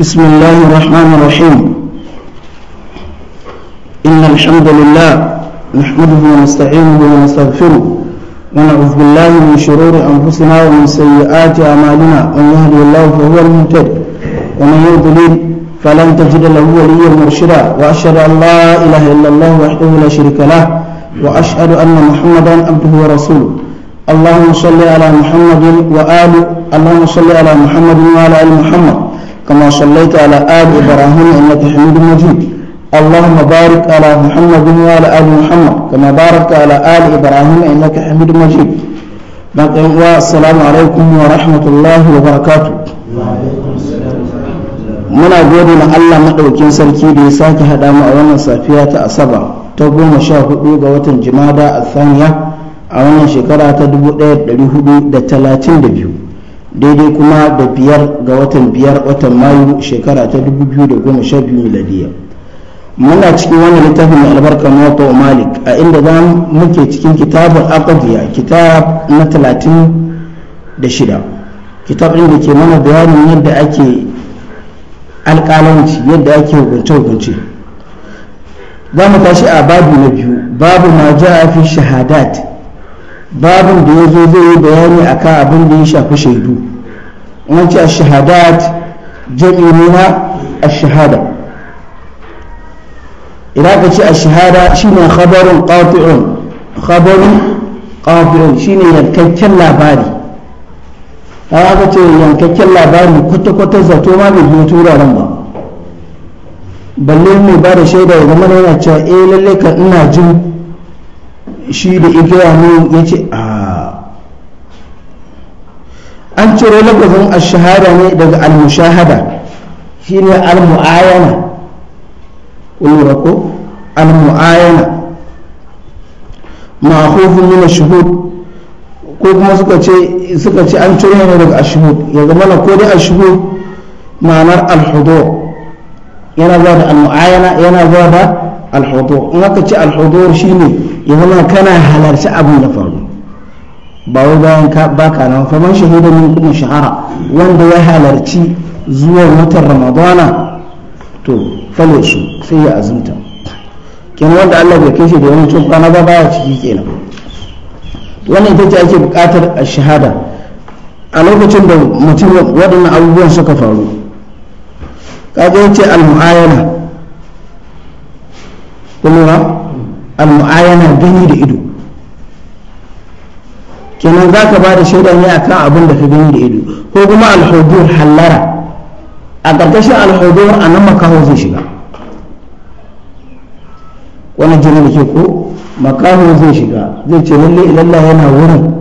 بسم الله الرحمن الرحيم إن الحمد لله نحمده ونستعينه ونستغفره ونعوذ بالله من شرور أنفسنا ومن سيئات أعمالنا أن يهدي الله فهو المهتد ومن يضلل فلن تجد له وليا مرشدا وأشهد أن لا إله إلا الله وحده لا شريك له وأشهد أن محمدا عبده ورسوله اللهم صل على محمد وآل اللهم صل على محمد وعلى آل محمد كما صليت على آل إبراهيم إنك حميد مجيد اللهم بارك على محمد وعلى آل محمد كما باركت على آل إبراهيم إنك حميد مجيد بقي السلام عليكم ورحمة الله وبركاته muna gode na Allah maɗaukin sarki da ya sake haɗa mu a wannan safiya ta asaba ta goma sha hudu ga watan jimada a a wannan shekara ta dubu hudu da talatin da biyu daidai kuma da biyar ga watan biyar watan mayu shekara ta 2012 miladiya muna cikin wannan littafin mai albarka wa malik a inda za muke cikin kitabun aqdiya kitab na 36 kitab ɗin ke mana bayanin yadda ake alkalanci yadda ake hukunce-hukunce za mu tashi a babu na biyu babu ma a fi shahadat babin da ya zo zai yi bayani a kan abin da ya shafi shaidu wance a shahadat jami'ina a shahada idan ka ce a shahada Shi ne khabarin qati'un khabarin Shi ne yankakken labari kaga haka ce yankakken labari kwata-kwata zato ma bai biyo turaren ba balle mai ba da shaida ya zama yana cewa eh lalle ka ina jin shi da igiya mu ya ce a an ciro lafazin ashahada ne daga al-mushahada shi ne al-mu'ayana ulura ko al-mu'ayana ma'khufun min ash-shuhud ko kuma suka ce an ciro ne daga ash-shuhud ya zama na kodin dai ash ma'anar al-hudur yana zuwa da al-mu'ayana yana zuwa da alhudur in aka ce alhudur shine ya zama kana halarci abin da faru ba wai bayan ka baka nan fa man shahida min kuma shahara wanda ya halarci zuwa watan ramadana to fale su sai ya azumta kenan wanda Allah bai kai shi da wani cin kwana ba baya ciki kenan wannan ita ce ake bukatar shahada a lokacin da mutum waɗannan abubuwan suka faru kaga yace al-mu'ayana kulura al-mu'ayana gani da ido kenan za ka ba da shaida ne akan abin da ka gani da ido ko kuma al-hudur hallara a ƙarƙashin al-hudur a nan makaho zai shiga wannan jini da ke ko makaho zai shiga zai ce lalle ilallah yana wurin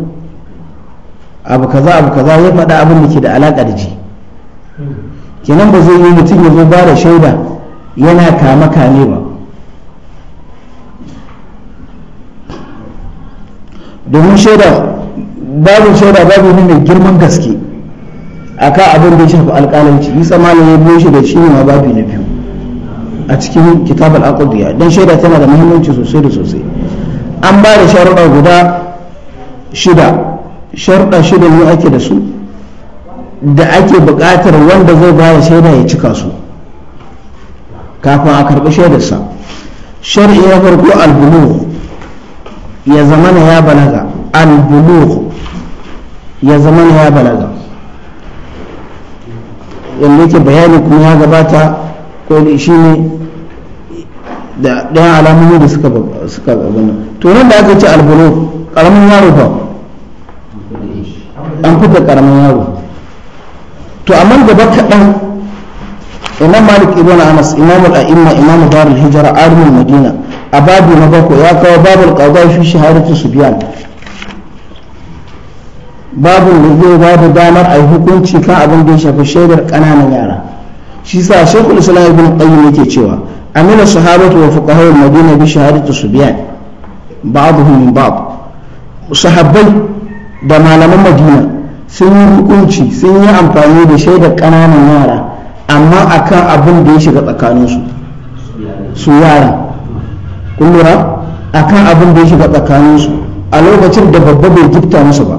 abu kaza abu kaza ya faɗa abin da ke da alaƙa da ji kenan ba zai yi mutum ya zo ba da shaida yana kama kame ba domin shaida babu shaida babu ne mai girman gaske A akan abin da ya shafi alƙalanci yi tsamanin ya biyo shi da shi ne ma babu na biyu a cikin kitab al don shaida tana da muhimmanci sosai da sosai an ba da sharuɗa guda shida sharuɗa shida ne ake da su da ake buƙatar wanda zai ba da shaida ya cika su kafin a karɓi shaidarsa shar'i ya farko al ya zamana ya balaga albulugh ya zamana ya balaga yadda yake bayani kuma ya gabata ko shi ne da ɗayan alamomi da suka suka abana to nan da aka ce albulugh karamin yaro fa an fita karamin yaro to amma gaba kaɗan imam malik ibn anas imam al-a'imma imam darul hijra alimul madina a babu na bako, ya kawo babul qada fi shahadatu subyan babu zai babu damar a hukunci kan abin da ya shafi shaidar ƙananan yara shi sa shekul islam ibn qayyim yake cewa amina sahabatu wa fuqaha'ul madina bi shahadatu subyan ba'dhum min ba'd sahabbai da malaman madina sun yi hukunci sun yi amfani da shaidar ƙananan yara amma akan abin da ya shiga tsakaninsu su yara kun lura kan abin da ya shiga tsakaninsu a lokacin da babba bai gifta musu ba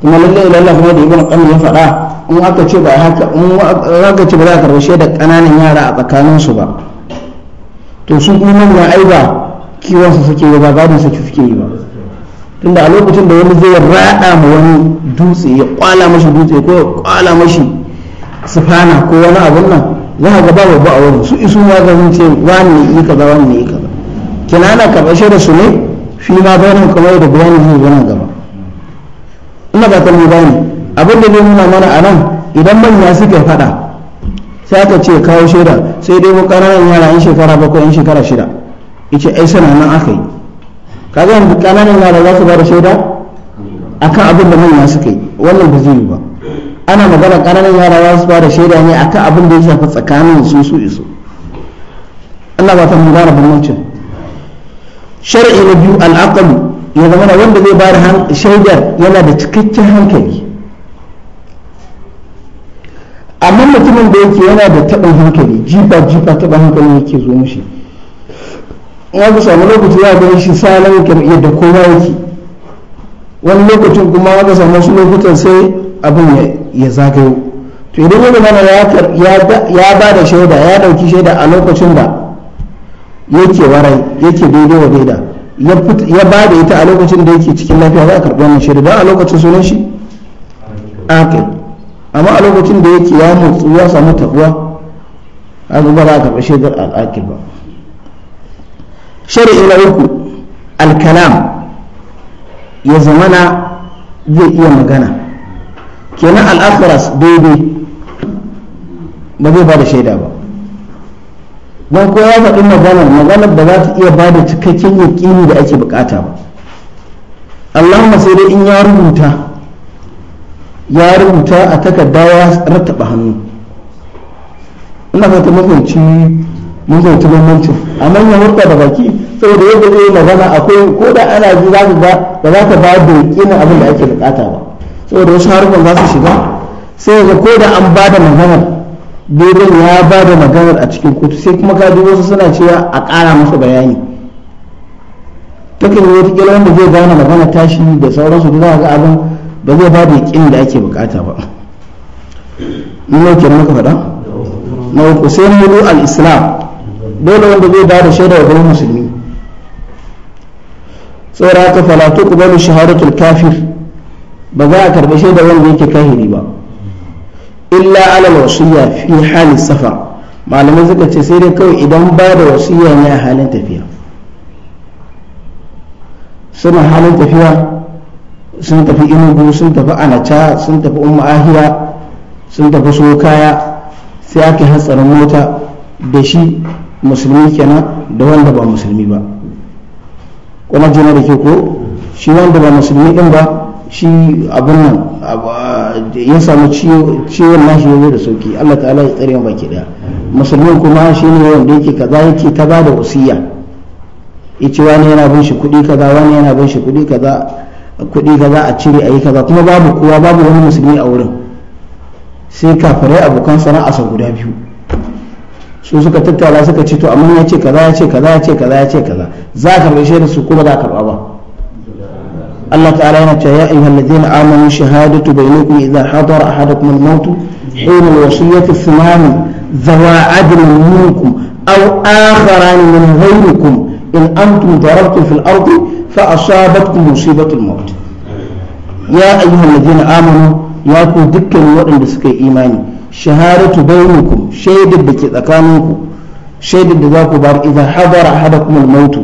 kuma lalle Allah kuma da ibn qayyim ya faɗa in aka ce ba haka in aka ce ba za ka rashe da ƙananan yara a tsakanin su ba to su kuma ne ai ba kiwon su suke yi ba gadin su suke yi ba tunda a lokacin da wani zai rada ma wani dutse ya kwala mashi dutse ko ya kwala mashi sufana ko wani abun nan za ka gaba babu a wurin su isu ya ga sun ce wani ne yi kaza wani ne yi kaza kina ka karɓar da su ne fi ma bayanin kamar da bayani zai zo gaba ina ba ta mu bayani abin da zai nuna mana a nan idan manya suke faɗa sai aka ce kawo shaida sai dai mu ƙananan yara in shekara bakwai in shekara shida ice ai suna nan aka yi kaga yanzu ƙananan yara za su ba da shaida akan abin da manya suka yi wannan ba zai yi ba ana magana ƙananan yara za su fara shaida ne akan abin da ya shafi tsakanin su su isu Allah ba ta mu gane bambancin shar'i na biyu al'aqalu ya zama wanda zai bayar shaidar yana da cikakken hankali amma mutumin da yake yana da taɓin hankali jifa jifa taɓin hankali yake zo mushi ya ku samu lokaci ya gani shi salon kamar da kowa yake wani lokacin kuma ya samu wasu lokutan sai abin ya ya zagayo to idan wani mana ya ba da shaida ya dauki shaida a lokacin da yake warai yake daidai wa daida ya ba da ita a lokacin da yake cikin lafiya za a karɓi wannan shaida don a lokacin sunan shi akil amma a lokacin da yake ya motsu ya samu tabuwa a ba za a karɓi shaidar al'akil ba shari'i na uku alkalam ya zamana zai iya magana kenan al'akras daidai ba zai ba da shaida ba don ko ya faɗi maganar maganar da za ta iya ba da cikakken yaƙini da ake bukata ba allahumma sai dai in ya rubuta ya rubuta a takarda ya rattaba hannu ina fata mafanci mun zauci bambancin amma ya hurta da baki saboda yadda zai magana akwai ko da ana ji za ga ba za ta ba da yaƙinin abin da ake bukata ba saboda wasu harukan za su shiga sai ga ko da an bada maganar dogon ya bada maganar a cikin kotu sai kuma kaji wasu suna cewa a kara masa bayani takan yi wata wanda zai gane magana tashi da sauransu da za ga abin ba zai ba da yakin da ake bukata ba nake muka faɗa na uku sai al-islam dole wanda zai ba da shaidar ga musulmi saboda haka ku tuqbalu shahadatul kafir ba za a karbi shaidar wanda yake kahiri ba illa ala wasiya fi halin safar malamai suka ce sai dai kawai idan ba da wasiya ne a halin tafiya suna halin tafiya sun tafi inugu sun tafi anacha sun tafi umma ahira sun tafi so kaya sai aka hatsarin mota da shi musulmi kenan da wanda ba musulmi ba kuma jina da ke ko shi wanda ba musulmi din ba shi abin nan ya samu ciwon nashi ya zo da sauki Allah ta'ala ya tsare baki daya musulmin kuma shi ne wanda yake kaza yake ta ba da wasiya ce wani yana bin shi kuɗi kaza wani yana bin shi kuɗi kaza kuɗi kaza a cire a yi kaza kuma babu kowa babu wani musulmi a wurin sai kafirai abokan sau guda biyu su suka tattara suka ce to amma ya ce kaza ya ce kaza ya ce kaza ya ce kaza za ka karɓe shaidar su kuma za ka ba ba الله تعالى يا أيها الذين آمنوا شهادة بينكم إذا حضر أحدكم الموت حين الوصية الثمان ذوى عدل منكم أو آخران من غيركم إن أنتم ضربتم في الأرض فأصابتكم مصيبة الموت يا أيها الذين آمنوا يا كو دكا وإن بسكي إيماني شهادة بينكم شيد بك ذكانكم شهد ذاك بار إذا حضر أحدكم الموت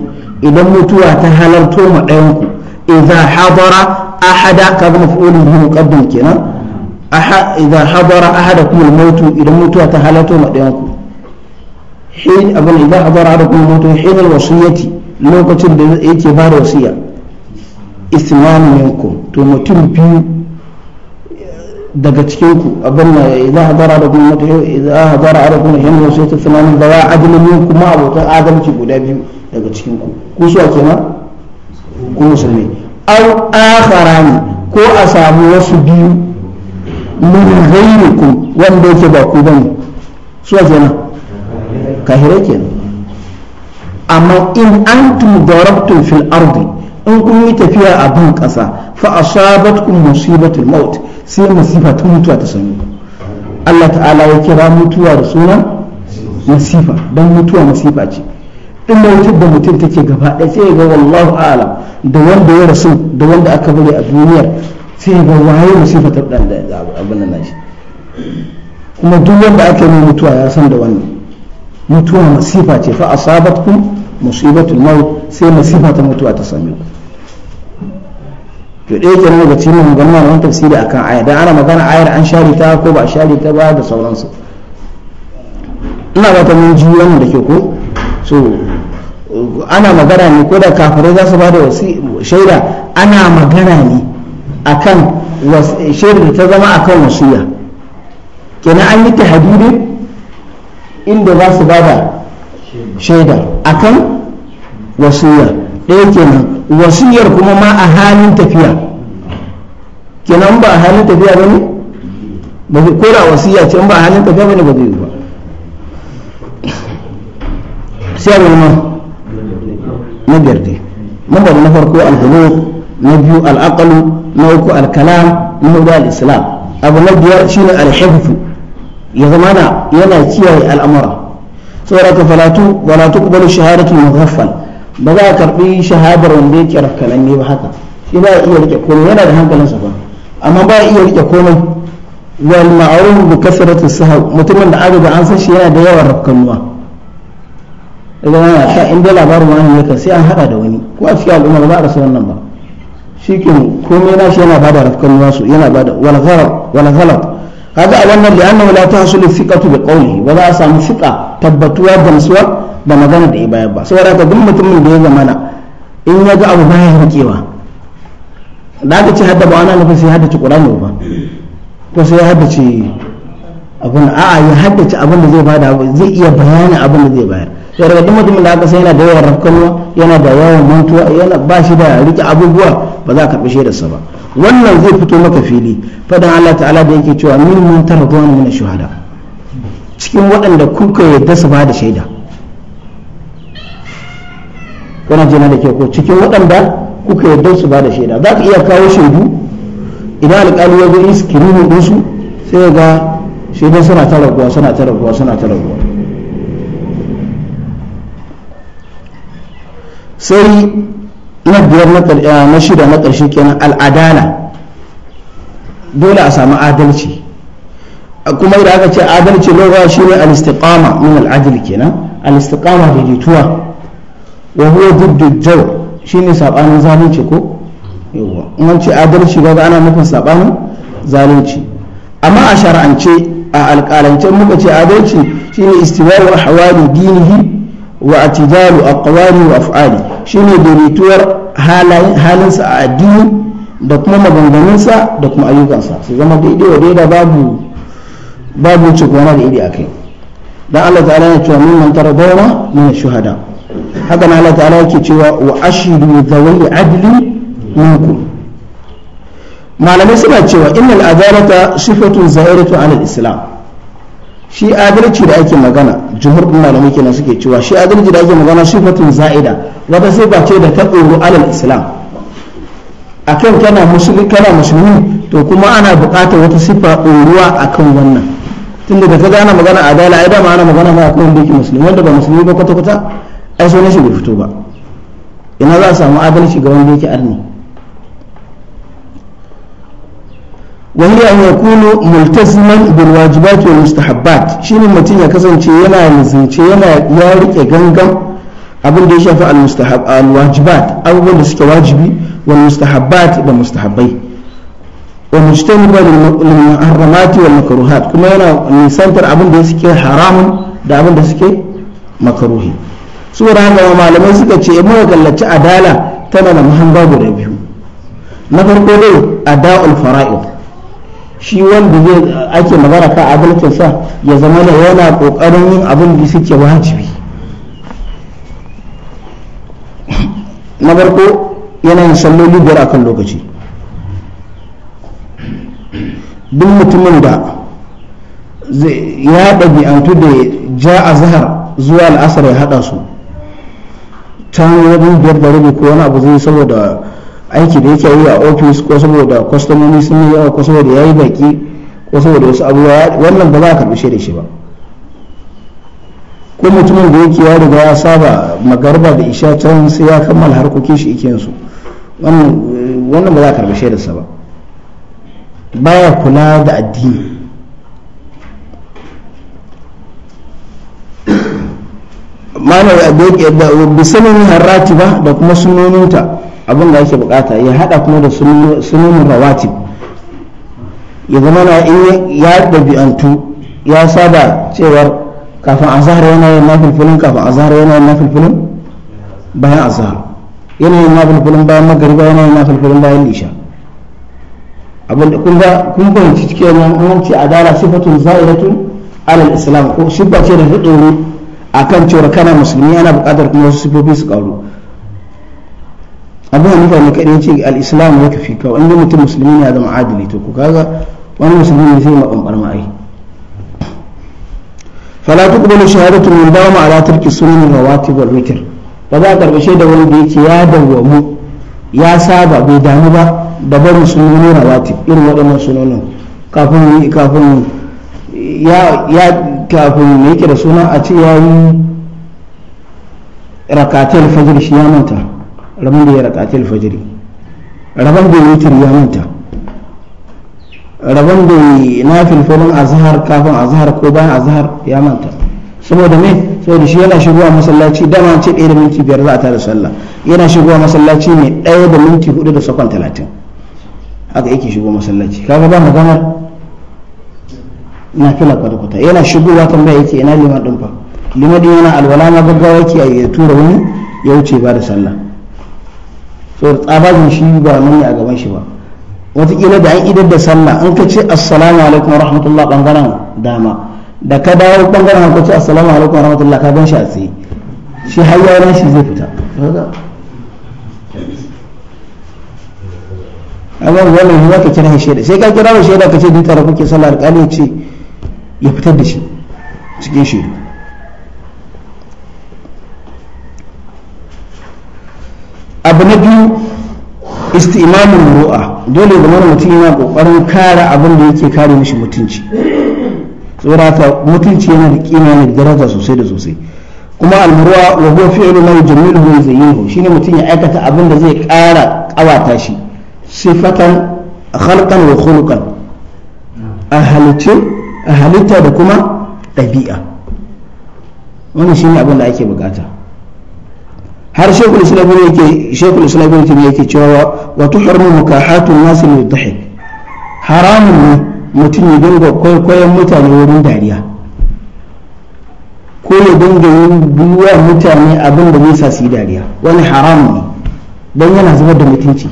إذا موتوا تهللتم عينكم idza hadara ahada kaga maf'ulun bihi muqaddam kenan idza hadara ahadakum al-maut idan mutuwa ta halato ma dayan ku hin abin idza hadara ahadakum lokacin da yake ba biyu daga cikin abin da idza hadara ahadakum al-maut idza hadara ahadakum hin al abokan adalci guda biyu daga cikin ku kenan ko musulmi au akharani ko a samu wasu biyu min ku wanda yake ba ku bane su Ka kenan kahire kenan amma in antum darabtum fil ardi in kun yi tafiya a ban kasa fa asabatkum musibatul maut sai musifa ta mutuwa ta sanu Allah ta'ala ya kira mutuwa da suna don mutuwa masifa ce in mawutar da mutum take gaba ɗaya sai ga wallahu alam da wanda ya rasu da wanda aka bari a duniyar sai ga waye musifa ta da abin nan nashi kuma duk wanda aka yi mutuwa ya san da wannan mutuwa masifa ce fa asabatkum musibatul maut sai masifa ta mutuwa ta same ku to ɗaya kenan daga cikin magana wannan tafsiri akan aya dan ana magana ayar an share ta ko ba a share ta ba da sauransu ina ba ta mun ji wannan da ke ko so ana magana ne ko da kafirai za su ba da shaida ana magana ne akan shaida ta zama akan wasiya kenan an yi ta tahdidin inda za su ba da shaida kan wasiya ɗaya kenan wasiyar kuma ma a halin tafiya kenan ba a halin tafiya ba ne ko da wasiya ce ba a halin tafiya ba ne ba zai yi ba sai ma na biyar mambar na farko al-hulu na biyu al-aqlu na uku al-kalam na hudu al-islam abu na biyar shine al-hifzu ya zama na yana kiyaye al'amura saboda ka falatu wala tuqbalu shahadatu mughaffal ba za ka karbi shahadar wanda yake rafkalanne ba haka shi ba iya rike komai yana da hankalinsa ba amma ba iya rike komai wal ma'ruf bi kasratu sahw mutumin da aka ga an san shi yana da yawan rafkanuwa idan ana ta inda labarin wani ne kan sai an hada da wani ko a cikin al'umma ba a rasa wannan ba shi ke komai nashi yana bada rafkan nasu yana bada wal ghalab wal ghalab kaga a wannan da annahu la tahsulu fiqatu bi qawlihi ba za a samu fiqa tabbatuwa da nasuwa da magana da ibaya ba saboda ka duk mutumin da ya zamana in ya ga abu baya rikewa da aka ce hadda ba wani nufin sai hadda ci qur'ani ba ko sai hadda ci abin a'a ya haddace abin da zai bada zai iya bayani abin da zai bayar sai daga duk mutumin da aka sai yana da yawan rafkanuwa yana da yawan mantuwa yana ba shi da rike abubuwa ba za ka da sa ba wannan zai fito maka fili fadan Allah ta'ala da yake cewa min mun tarzuwa min shuhada cikin waɗanda kuka yadda su bada shaida kana jina da ke ko cikin waɗanda kuka yadda su bada shaida za ka iya kawo shaidu idan alƙali ya zo iskirinin ɗinsu sai ga shi dai suna ta raguwa suna ta raguwa suna ta raguwa sai na biyar na eh, shida na ƙarshe kenan al'adala dole a samu adalci kuma idan aka ce adalci lura shi ne al-istiqama min al-adl kenan al-istiqama jituwa wa huwa duddu jawr shine sabanin zalunci ko yawa in an ce adalci ga ana nufin sabanin zalunci amma a shar'ance a alƙalance muka ce adalci shine a ahwali dinihi wa atidalu aqwali wa af'ali shine daidaituwar halinsa a addini da kuma maganganunsa da kuma ayyukansa su zama daidai wa daidai babu babu cikona da iri a kai dan Allah ta'ala ya cewa min mantar dawa min shuhada haka na Allah ta'ala yake cewa wa ashidu dhawai adli minkum malamai suna cewa innal adalata sifatun zahiratu alal islam shi adalci da ake magana jumhur din malamai kenan suke cewa shi adalci da ake magana sifatun za'ida wata sifa ce da ta tsoro alal islam akan kana musulmi kana musulmi to kuma ana buƙatar wata sifa tsoruwa akan wannan tunda da kaga ana magana adala ai ma ana magana ma akan wanda ke musulmi wanda ba musulmi ba kwata kwata ai so ne shi bai fito ba ina za a samu adalci ga wanda yake arni wani an yakunu multasiman bil wajibat wal mustahabbat shine mutum ya kasance yana nizince yana ya rike gangan abin da ya shafi al mustahab al wajibat abubuwan da suke wajibi wal mustahabbat da mustahabbai wa mujtaniba lil muharramati wal makruhat kuma yana nisantar abin da suke haramun da abin da suke makaruhi saboda haka malamai suka ce in muka adala tana da muhamba biyu na farko dai ada'ul fara'id shi wanda zai ake magana ka sa ya zama da yana kokarin yin abin da suke wajibi na farko yana yin salloli biyar akan lokaci duk mutumin da ya ɗabi'antu da ja a zahar zuwa al'asar ya haɗa su ta wajen biyar da rubu ko wani abu zai saboda aiki da yake yi a ofis ko saboda kwastomomi sun yi yawa ko saboda ya yi baki ko saboda wasu abubuwa wannan ba za a karbi da shi ba ko mutumin da yake ya riga ya saba magarba da isha can sai ya kammala harkokin shi ikin su eh, wannan ba za a karbi sa ba baya kula da addini malam bi sunan harrati ba da kuma sunoninta abin da yake bukata ya hada kuma da sunonin rawati ya zama na iya ya ɗabi'antu ya saba cewar kafin azhar yana yin nafilfilin kafin azhar yana yin nafilfilin bayan azhar yana yin nafilfilin bayan magariba yana yin nafilfilin bayan lisha abin da kun ga kun fahimci cikin nan an ce adala sifatun za'iratun alal islam ko siffa ce da ta akan cewar kana musulmi yana buƙatar kuma wasu sifofi su ƙaru abu hanifa ne kadin ce al'islamu ya kafi kawai inda mutum musulmi ne ya zama adali to ku kaga wani musulmi ne zai maɓamɓar ma'ai fala tuqbalu shahadatu man dawama ala tarki sunan rawatib wal witr ba za a karbi da wanda yake ya dawwamu ya saba bai damu ba da barin sunan rawatib irin waɗannan sunanin kafin kafin ya kafin me yake da suna a ce yi rakatul fajiri shi ya manta rabin da ya rakatul fajiri rabin da witr ya manta rabin da na filfilin azhar kafin azhar ko bayan azhar ya manta saboda me saboda shi yana shigowa masallaci dama ce ɗaya da minti biyar za a tada sallah yana shigowa masallaci ne ɗaya da minti hudu da sakon talatin haka yake shigo masallaci kaga ba maganar na fila kwata-kwata yana shigowa tambaya yake ina liman din fa liman din yana alwala na gaggawa yake ya tura wani ya wuce ba da sallah so tsabajin shi ba nan ne a gaban shi ba wataƙila da an idar da sallah an ka ce assalamu alaikum wa rahmatullah bangaren dama da ka dawo bangaren ka ce assalamu alaikum wa rahmatullah ka gan shi a tsaye shi har yaran shi zai fita amma wannan shi ka kira shi shaida sai ka kira shi shaida ka ce duka tare kuke sallah alƙali ce ya fitar da shi cikin shi abu na biyu imamun ru'a dole zama mutum yana kokarin kare abin da yake kare mishi mutunci tsorata mutunci yana da kima ne da daraja sosai da sosai kuma almuruwa wa huwa fi'lu ma yujammiluhu wa yuzayyinu shine mutum ya aikata abin da zai kara kawata shi sifatan khalqan wa khuluqan a halicce a halitta da kuma ɗabi'a wannan shine abin da ake bukata har shekul ne yake shekul wa yake cewa wa tuharmu mukahatun nas lil dhahik haramun ne mutum ya dinga kwaikwayon mutane wurin dariya ko ya dinga yin buwa mutane abin da zai su yi dariya wani haramun ne don yana zubar da mutunci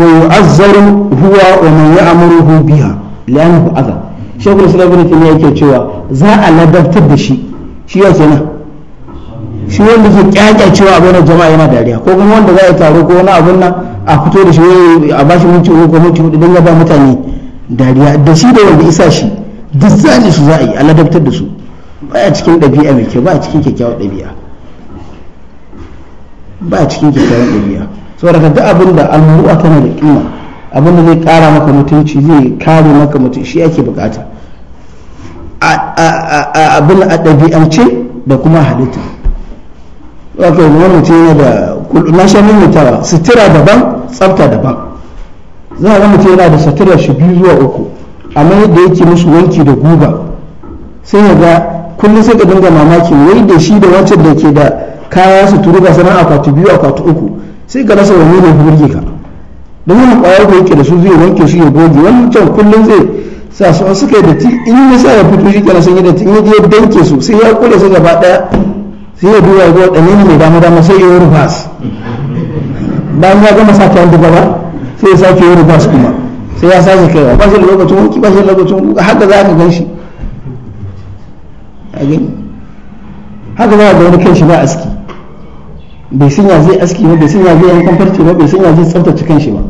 ويؤذر هو ومن يأمره بها لأنه أذى شيخ الإسلام ابن تيمية yake cewa za a ladabtar da shi shi ya kenan shi wanda ke kyakya cewa abin jama'a yana dariya ko kuma wanda za a taro ko wani abin nan a fito da shi a bashi minti uku ko minti hudu don ya ba mutane dariya da shi da wanda isa shi duk zane su za a yi a ladabtar da su a cikin ɗabi'a mai kyau baya cikin kyakkyawar ɗabi'a cikin kyakkyawar ɗabi'a saboda ka duk abin da tana da kima abin da zai kara maka mutunci zai kare maka mutunci shi ake bukata abin a ɗabi'ance da kuma halitta wato wani mutum yana da na sha mimitawa sutura daban tsafta daban za a mutum yana da sutura shi biyu zuwa uku amma yadda yake musu wanki da guba sai ya ga kullum sai ka dinga mamaki wai da shi da wancan da ke da kaya suturu ba sana'a akwati biyu a kwatu uku sai ka rasa wani ne burge ka don yana kwayar da yake da su zai wanke shi ya goge wancan kullum zai sa su suka yi datti in ya sa ya fito shi kenan sun yi datti in ya je danke su sai ya kula su gaba daya sai ya duba ga wadanne ne dama dama sai ya yi rufas bayan ya gama sa kayan gaba sai ya sake yi rufas kuma sai ya sake kaiwa ba shi lokacin wanki ba shi lokacin haka za ka gan shi a haka za ka gani kan shi ba aski bai san zai aski ba bai san zai yankan farce ba bai san ya zai tsaftace kanshi ba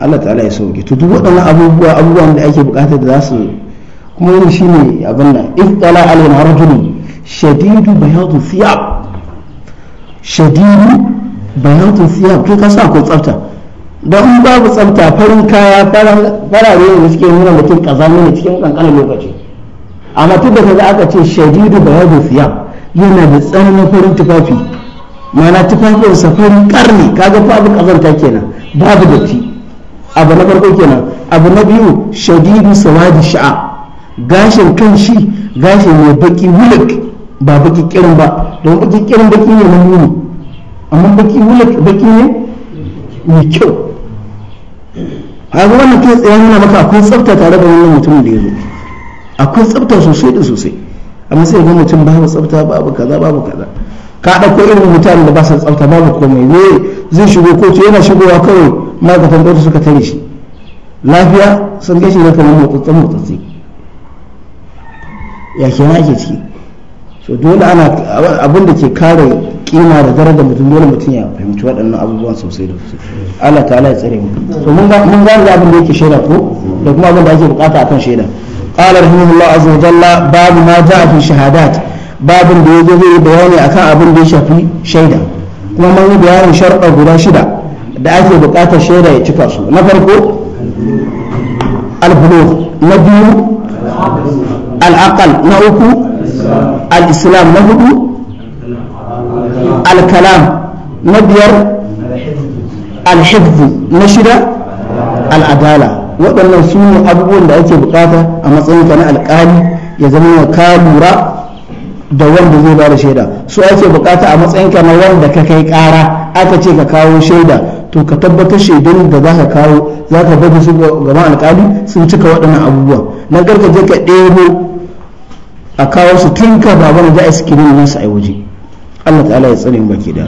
Allah ta'ala ya sauke to duk waɗannan abubuwa abubuwan da ake buƙatar da za su kuma wani shine abin nan iftala alayna rajulun shadidu bayadu siyab shadidu bayadu siyab kai ka sa ko tsafta don babu tsafta farin kaya farare da suke nuna mutum kaza ne cikin kankanin lokaci amma tun da kaga aka ce shadidu bayadu siyab yana da tsananin farin tufafi mana tufafin safari karni kaga babu kazanta kenan babu datti abu na farko kenan abu na biyu shadidu sawadi sha'a gashin kan shi gashi mai baki wulik ba baki kirin ba don baki kirin baki ne na muni amma baki wulik baki ne mai kyau haka wannan kai tsaye nuna maka akwai tsafta tare da wannan mutumin da ya zo akwai tsafta sosai da sosai amma sai ga mutum babu tsafta babu kaza babu kaza ka ko irin mutane da ba su tsafta babu komai ne zai shigo kotu yana shigowa kawai ma'aikatan kotu suka tare shi lafiya sun gashi na kamar motsatsen motsatsi ya ke ake ciki so dole ana abin da ke kare kima da daraja mutum dole mutum ya fahimci waɗannan abubuwan sosai da sosai Allah ta'ala ya tsare mu so mun ga mun ga abin da yake shaida ko da kuma abin da ake bukata akan shaida قال رحمه الله عز وجل باب ما جاء في الشهادات باب da ya zai bayani akan abin da ya shafi shaida kuma mun yi bayanin sharɗa guda shida da ake buƙatar shaida ya cika su na farko al na biyu al na uku al-islam na hudu alkalam na biyar al na shida al-adala waɗannan su ne abubuwan da ake bukata a matsayinka na alƙali ya zama ka lura da wanda zai bada shaida su ake bukata a matsayin na wanda ka kai kara aka ce ka kawo shaida to ka tabbatar shaidun da za ka kawo za ka bada su gaban alƙali sun cika waɗannan abubuwan na garka je ka ɗebo a kawo su tun ka baban da askirin su a waje Allah ta'ala ya tsare mu baki da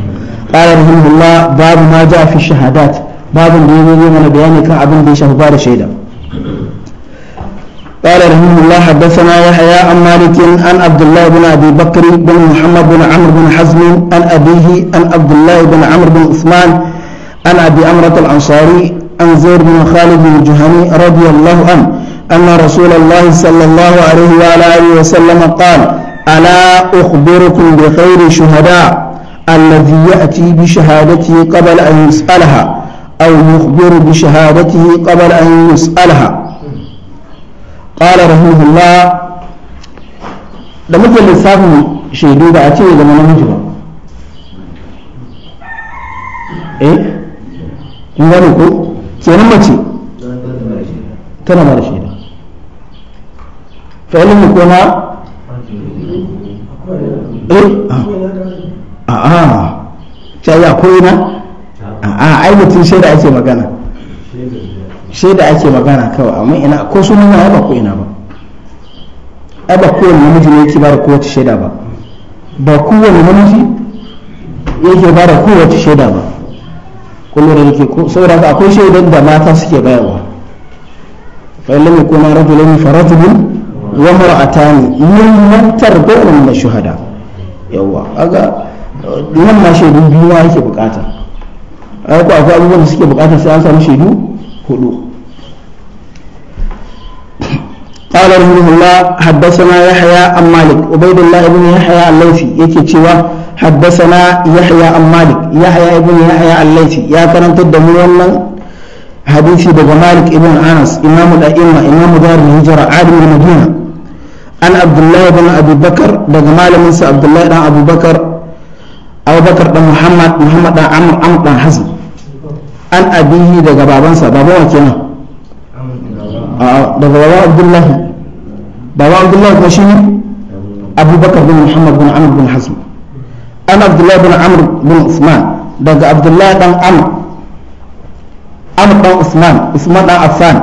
qala rahimahullah babu ma ja fi shahadat babin da ya zo mana bayani kan abin da ya shafi bada shaida قال رحمه الله حدثنا يحيى عن مالك عن عبد الله بن ابي بكر بن محمد بن عمرو بن حزم عن ابيه عن عبد الله بن عمرو بن عثمان عن ابي أمرة الانصاري عن زيد بن خالد بن الجهني رضي الله عنه ان رسول الله صلى الله عليه وعلى اله وسلم قال: الا اخبركم بخير الشهداء الذي ياتي بشهادته قبل ان يسالها أو يخبر بشهادته قبل أن يسألها قال رحمه الله da muke lissafin shaidu ba a ce zama namiji ba eh kun gane ko kenan mace tana ba da shaida fa'ilin mu kuma a'a ya a ai mutum shaida ake magana shaida ake magana kawai amma ina ko su nuna ai ba ko ina ba ai ba kowane namiji ne yake ba da kowace shaida ba ba kowane namiji yake ba da kowace shaida ba kullum da ke ko saboda akwai shaidan da mata suke bayarwa fa illam yakuna rajulun farajulun wa mar'atani mimman tarbawna min shuhada yawa aga nan ma shaidu biyu ma yake bukata ai ko akwai abubuwan da suke bukatar sai an samu shaidu hudu قال رحمه الله حدثنا يحيى عن مالك عبيد الله بن يحيى الليثي yake cewa حدثنا يحيى عن مالك يحيى بن يحيى الليثي يا كرنت an abihi daga babansa baba wa kenan daga baba abdullahi baba abdullahi ko shi ne abubakar bin muhammad bin amr bin hasm an abdullahi bin amr bin usman daga abdullahi dan amr amr dan usman usman dan affan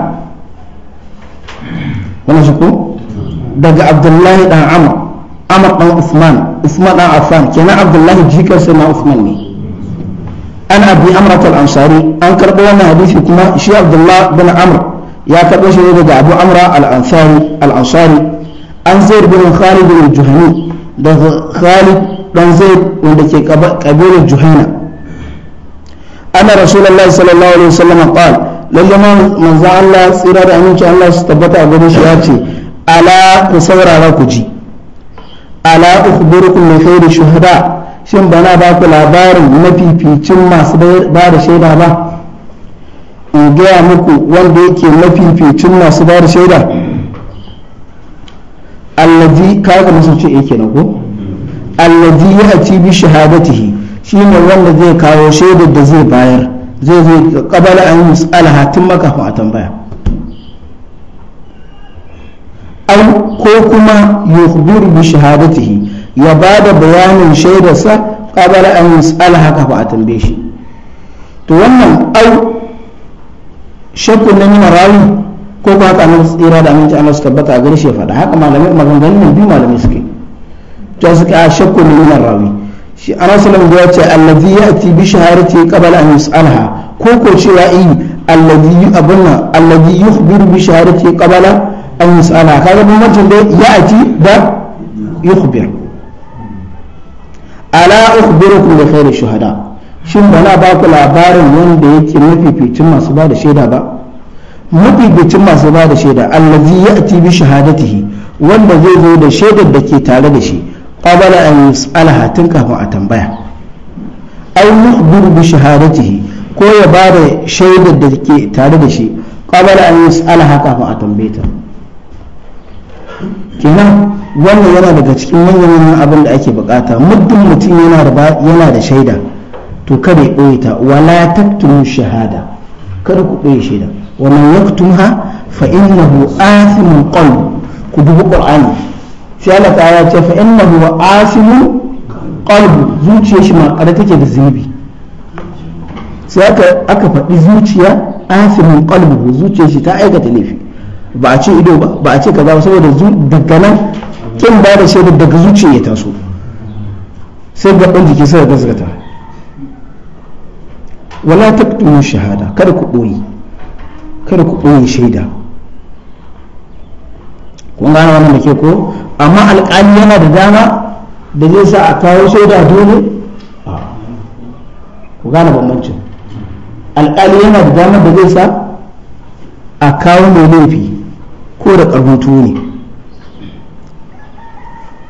wannan shi ko daga abdullahi dan amr amr dan usman usman dan affan kenan abdullahi jikar sai na usman ne an abi amrat al-ansari an karbo wannan hadisi kuma shi abdullah bin amr ya karɓo shi daga abu amra al-ansari al-ansari an zaid bin khalid juhani da khalid dan zaid wanda ke kabilar juhana anna rasulullahi sallallahu alaihi wasallam qala lalle manzo Allah tsira da aminci Allah su tabbata a gare shi ya ce ala ku saurara ku ji ala ukhbirukum bi khairi shuhada shin bana ba ku labarin mafificin masu ba da shaida ba in gaya muku wanda yake mafificin masu ba da shaida allazi kaga musu ce yake na ko ya ci bi shahadatihi shine wanda zai kawo shaidar da zai bayar zai zai kabala an yus'alaha tun makafin a tambaya ko kuma yukhbiru bi shahadatihi ya ba da bayanin shaidarsa kabar an yi tsala haka ba a tambaye shi to wannan au shakku na min rawi ko ba ka nan tsira da aminci Allah suka bata gare shi ya faɗa haka malamai maganganun biyu malamai suke to suka a shakku na min rawi shi ana sallam da ya ce allazi ya'ti bi shahadati qabla an yi yas'alha ko ko cewa in allazi abunna allazi yukhbiru bi shahadati qabla an yas'alha kaga mun mutum da ya'ti da yukhbiru ala ukhbirukum bi khairi shuhada shin bana ba ku labarin wanda yake mafificin masu ba da shaida ba mafificin masu ba da shaida allazi ya'ti bi shahadatihi wanda zai zo da shaidar da ke tare da shi qabala an yus'alaha tun kafin a tambaya ay muhbir bi shahadatihi ko ya ba da shaidar da ke tare da shi qabala an yus'alaha kafin a tambaye ta kenan wannan yana daga cikin manyan manyan abin da ake bukata muddin mutum yana da shaida to kada ya ɓoye ta wala taktumu shahada kada ku ɓoye shaida wa man yaktumha fa innahu athimun qalb ku dubi qur'ani sai Allah ta ya ce fa innahu athimun qalb zuciyar shi ma kada take da zunubi sai aka aka faɗi zuciya athimun qalbu zuciyar shi ta aikata laifi ba a ce ido ba ba a ce kaza saboda daga nan kin ba da shaidar daga zuciya ya taso sai gaban jiki sai gazgata wala taktumu shahada kada ku boye kada ku boye shaida kun gane wannan da ke ko amma alƙali yana da dama da zai sa a kawo shaida dole ku gane bambancin alƙali yana da dama da zai sa a kawo mai laifi ko da ƙarfin ne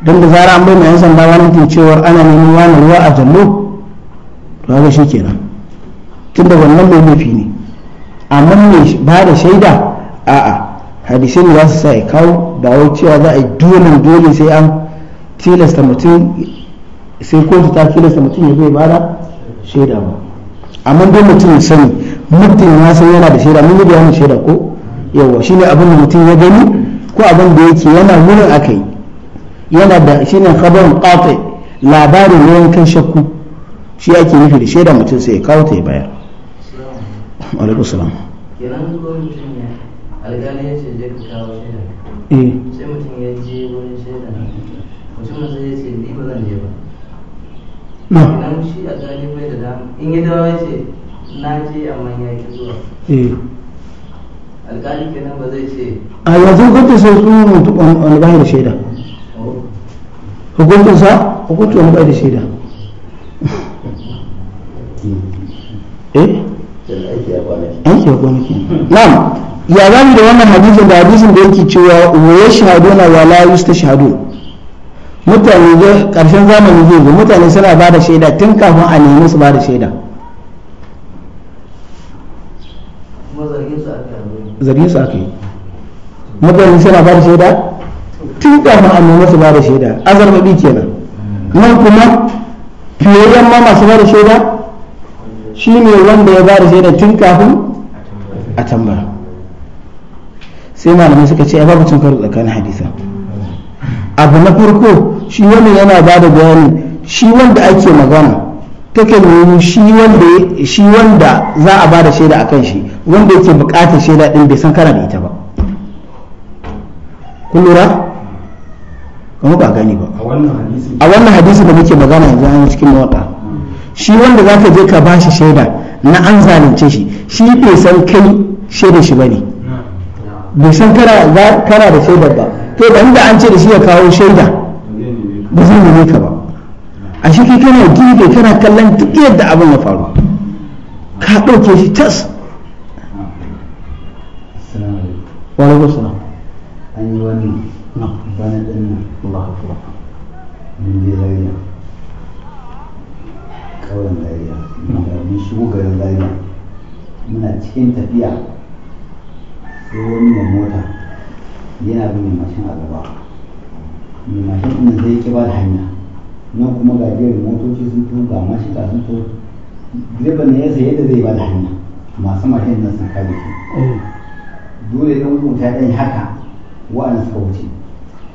don da zara an bai mai yan sanda wani ke cewar ana neman wani ruwa a jallo to haka shi kenan tun da wannan mai nufi ne amma mai ba da shaida a'a hadisai ne za su sa ya kawo da cewa za a yi dole dole sai an tilasta mutum sai kotu ta tilasta mutum ya zai bada shaida ba amma don mutum ya sani mutum ya san yana da shaida mun yi da yawan shaida ko yawa ne abin da mutum ya gani ko abin da yake yana wurin aka yi yana da shi ne khabarun ƙafe labarin ruwan kan shakku shi ake nufi da shaida mutum sai ya kawo ta ya bayar alaikum salam ya eh. ba da dama in ya dawa ce na je amma ya ki zuwa eh. kenan ba zai ce a yanzu gwamnati sai su mutum albayar shaida hukuntunsa hukuntun wani bai da shaida eh, eh? aiki ya kwanaki na'am ya zamu da wannan hadisin da hadisin da yake cewa waye shahado na wala yusta shahado mutane da karshen zamani zai zo mutane suna ba da shaida tun kafin a nemi su ba da shaida zargin su aka yi mutane suna ba da shaida tun kafin annoba su ba da shaida azarbabi kenan nan kuma fiyayyen ma masu ba da shaida shi ne wanda ya ba da shaida tun kafin a tambara sai malamai suka ce a babu cin karo tsakanin hadisa abu na farko shi wani yana ba da bayani shi wanda ake magana ta kalmomi shi wanda shi wanda za a ba da shaida akan shi wanda yake bukatar shaida din bai san kana da ita ba kun lura kuma ba gani ba a wannan hadisi da muke magana yanzu an cikin mawaka shi wanda za ka je ka ba shi shaida na an zalunce shi shi bai san kai shaida shi ba ne bai san kana da shaidar ba to da inda an ce da shi ya kawo shaida ba zai nemi ka ba a shi kai kana gide kana kallon duk yadda abin ya faru ka ɗauke shi tas wani an yi bana din nan Allahu akbar muna cikin tafiya sai wani mai mota yana bin mashin a gaba mai mashin ɗin zai ki ba da hanya nan kuma ga jerin motoci sun to ga mashin ta sun to direban ne ya sayi yadda zai ba da hanya masu mashin nan sun kare shi dole ɗan rubuta ɗan haka wa'anda suka wuce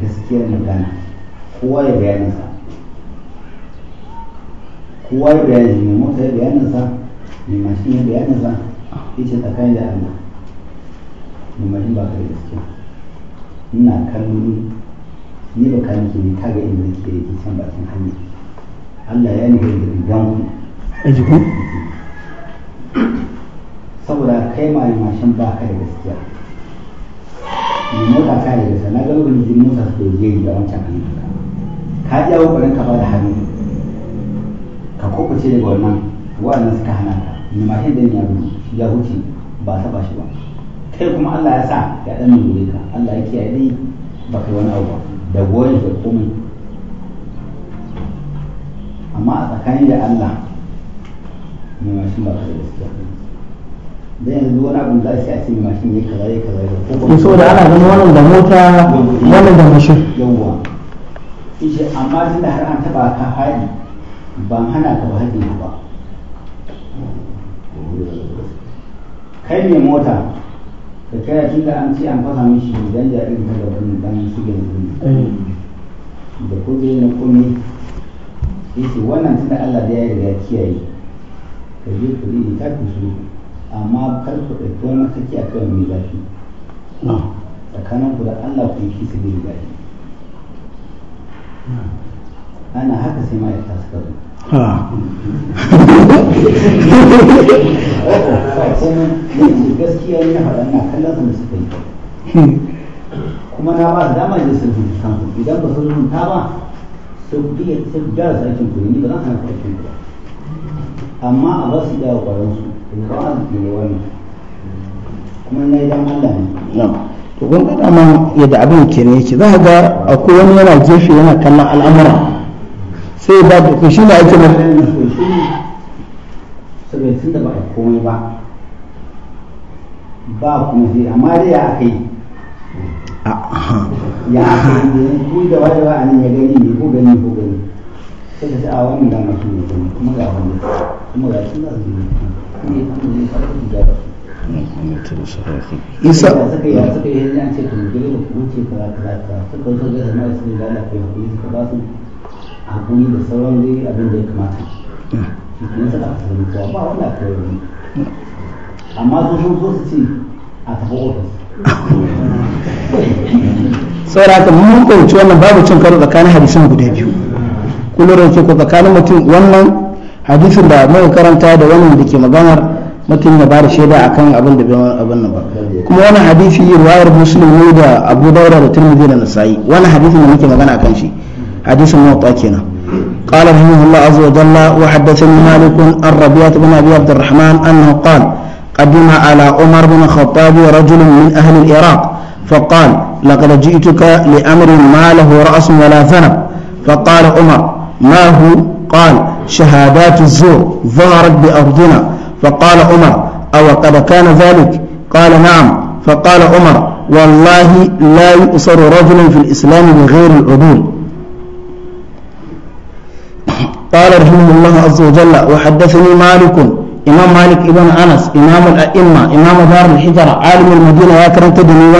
gaskiyar magana kowa ya bayaninsa kowa ya bayanin mai mota ya bayaninsa mai mashin ya bayaninsa ya ce tsakani da Allah mai mashin ba ka da gaskiya ina kallon ni ba kan ke ne ta ga inda ke da ke can bakin hannu Allah ya nufi da rigan a jikin saboda kai mai mashin ba ka da gaskiya mota ta yi da na ga lokacin jin mota su ke yi da wancan hannun ka ka ji abu ka ba da hannu ka kokace daga wannan wa'annan suka hana ka ni ma yadda ya gudu ya huce ba ta ba shi ba kai kuma Allah ya sa ya dan nure ka Allah ya kiyaye dai ba kai wani abu ba da goyon da komai amma a tsakanin da Allah ne ma ba ka da gaskiya da so da ana ganin wani da mota wani da mashin yawwa ishe amma da har an taba ka haɗi ban hana ka ba haɗi ba kai ne mota da kaya kira da an ce an fasa mishi dan jari ta da wani dan su yanzu eh. da kudi na kuni ishe wannan tunda Allah da ya riga kiyaye ka je kudi ta kusuru amma kar ku ɗauki wani mataki a kan mai zafi tsakanin ku da Allah ku yi kisa bai zafi ana haka sai ma'aikata suka zo gaskiya ne haɗa na kallon su da suka yi hmm. kuma na ba su dama da sun fi kanku idan ba su ta ba su biya su gyara sarkin ku ne ba zan su hana ku ba amma a ba su iya ƙwararsu kuma na idan Allah ne to kun ga dama yadda abin ke ne yake za ga akwai wani yana gefe yana kallon al'amura sai ba da kushi ne ake ba saboda tun da ba a komai ba ba kuma sai amma dai ya aka yi ya aka yi ku da wani ba a nan ya gani ne ko gani ko gani sai da ce a wani ga masu ne kuma ga wani kuma ga tun da su ne isa saboda haka mun wannan babu cin karo tsakanin hadisin guda biyu kullum ke ko tsakanin mutum wannan hadisin da mun karanta da wannan da ke maganar mutum ya bada shaida akan abin da bai abin nan ba kuma wani hadisi riwayar muslim ne da abu daura da tirmidhi da nasa'i wani hadisin da muke magana akan shi hadisin muwatta kenan قال رحمه الله عز وجل وحدثني مالك عن ربيعة بن أبي عبد الرحمن أنه قال قدم على عمر بن الخطاب رجل من أهل العراق فقال لقد جئتك لأمر ما له رأس ولا ذنب فقال عمر ما هو قال شهادات الزور ظهرت بأرضنا فقال عمر أو قد كان ذلك قال نعم فقال عمر والله لا يؤسر رجل في الإسلام بغير العدول قال رحمه الله عز وجل وحدثني مالك إمام مالك ابن أنس إمام الأئمة إمام دار الحجرة عالم المدينة يا كرمت دني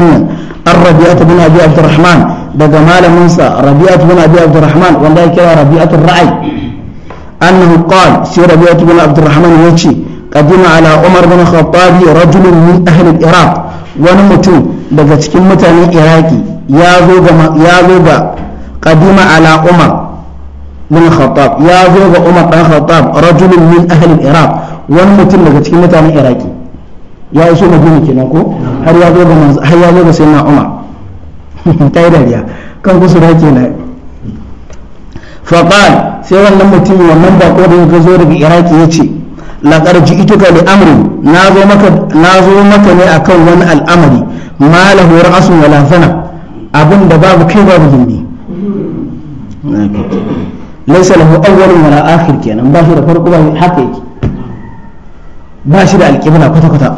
الربيعة بن أبي عبد الرحمن بدمال موسى ربيعة بن أبي عبد الرحمن والله كذا ربيعة الرعي أنه قال في ربيعة بن عبد الرحمن يوشي قدم على عمر بن الخطاب رجل من أهل العراق ونمتون لقد متان إراكي يا ذوب يا ذوب قدم على عمر بن الخطاب يا ذوب عمر بن الخطاب رجل من أهل العراق ونمتون لقد متان إراكي يا أسوء مدينة كنكو هل يا ذوب zo ga har ya zo ga sayyidina umar kai faqal sai wannan mutumin wannan bako da ya zo daga iraki ya ce laƙar ji ituka da amri na zo maka ne akan wani al'amari ma lahu ra'asun wala fana abin da babu kai babu gindi laisa lahu awwalun wala akhir kenan ba shi da farko ba haka yake ba shi da alƙibla kwata kwata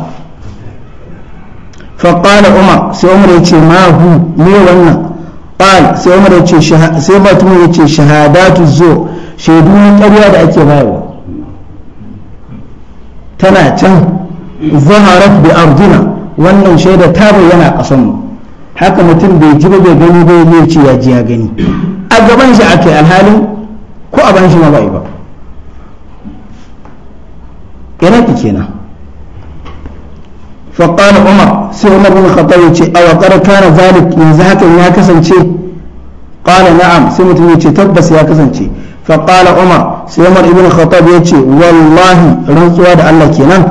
fa qala umar sai umar ya ce ma hu me wannan qal sai umar yace sai mutum yace shahadatu zo shaidu ƙarya da ake bayarwa tana can zaharat bi ardina wannan shaida ta bayyana ƙasan mu haka mutum bai ji ba bai gani ba ya ce ya ji ya gani a gaban shi ake alhali ko a ban shi ma ba ba kenan فقال عمر سي عمر بن الخطاب يجي أو قد كان ذلك ينزهك يا كسنشي قال نعم سي متن يجي تبس يا كسنشي فقال عمر سي عمر بن الخطاب يجي والله رزوا الله كينان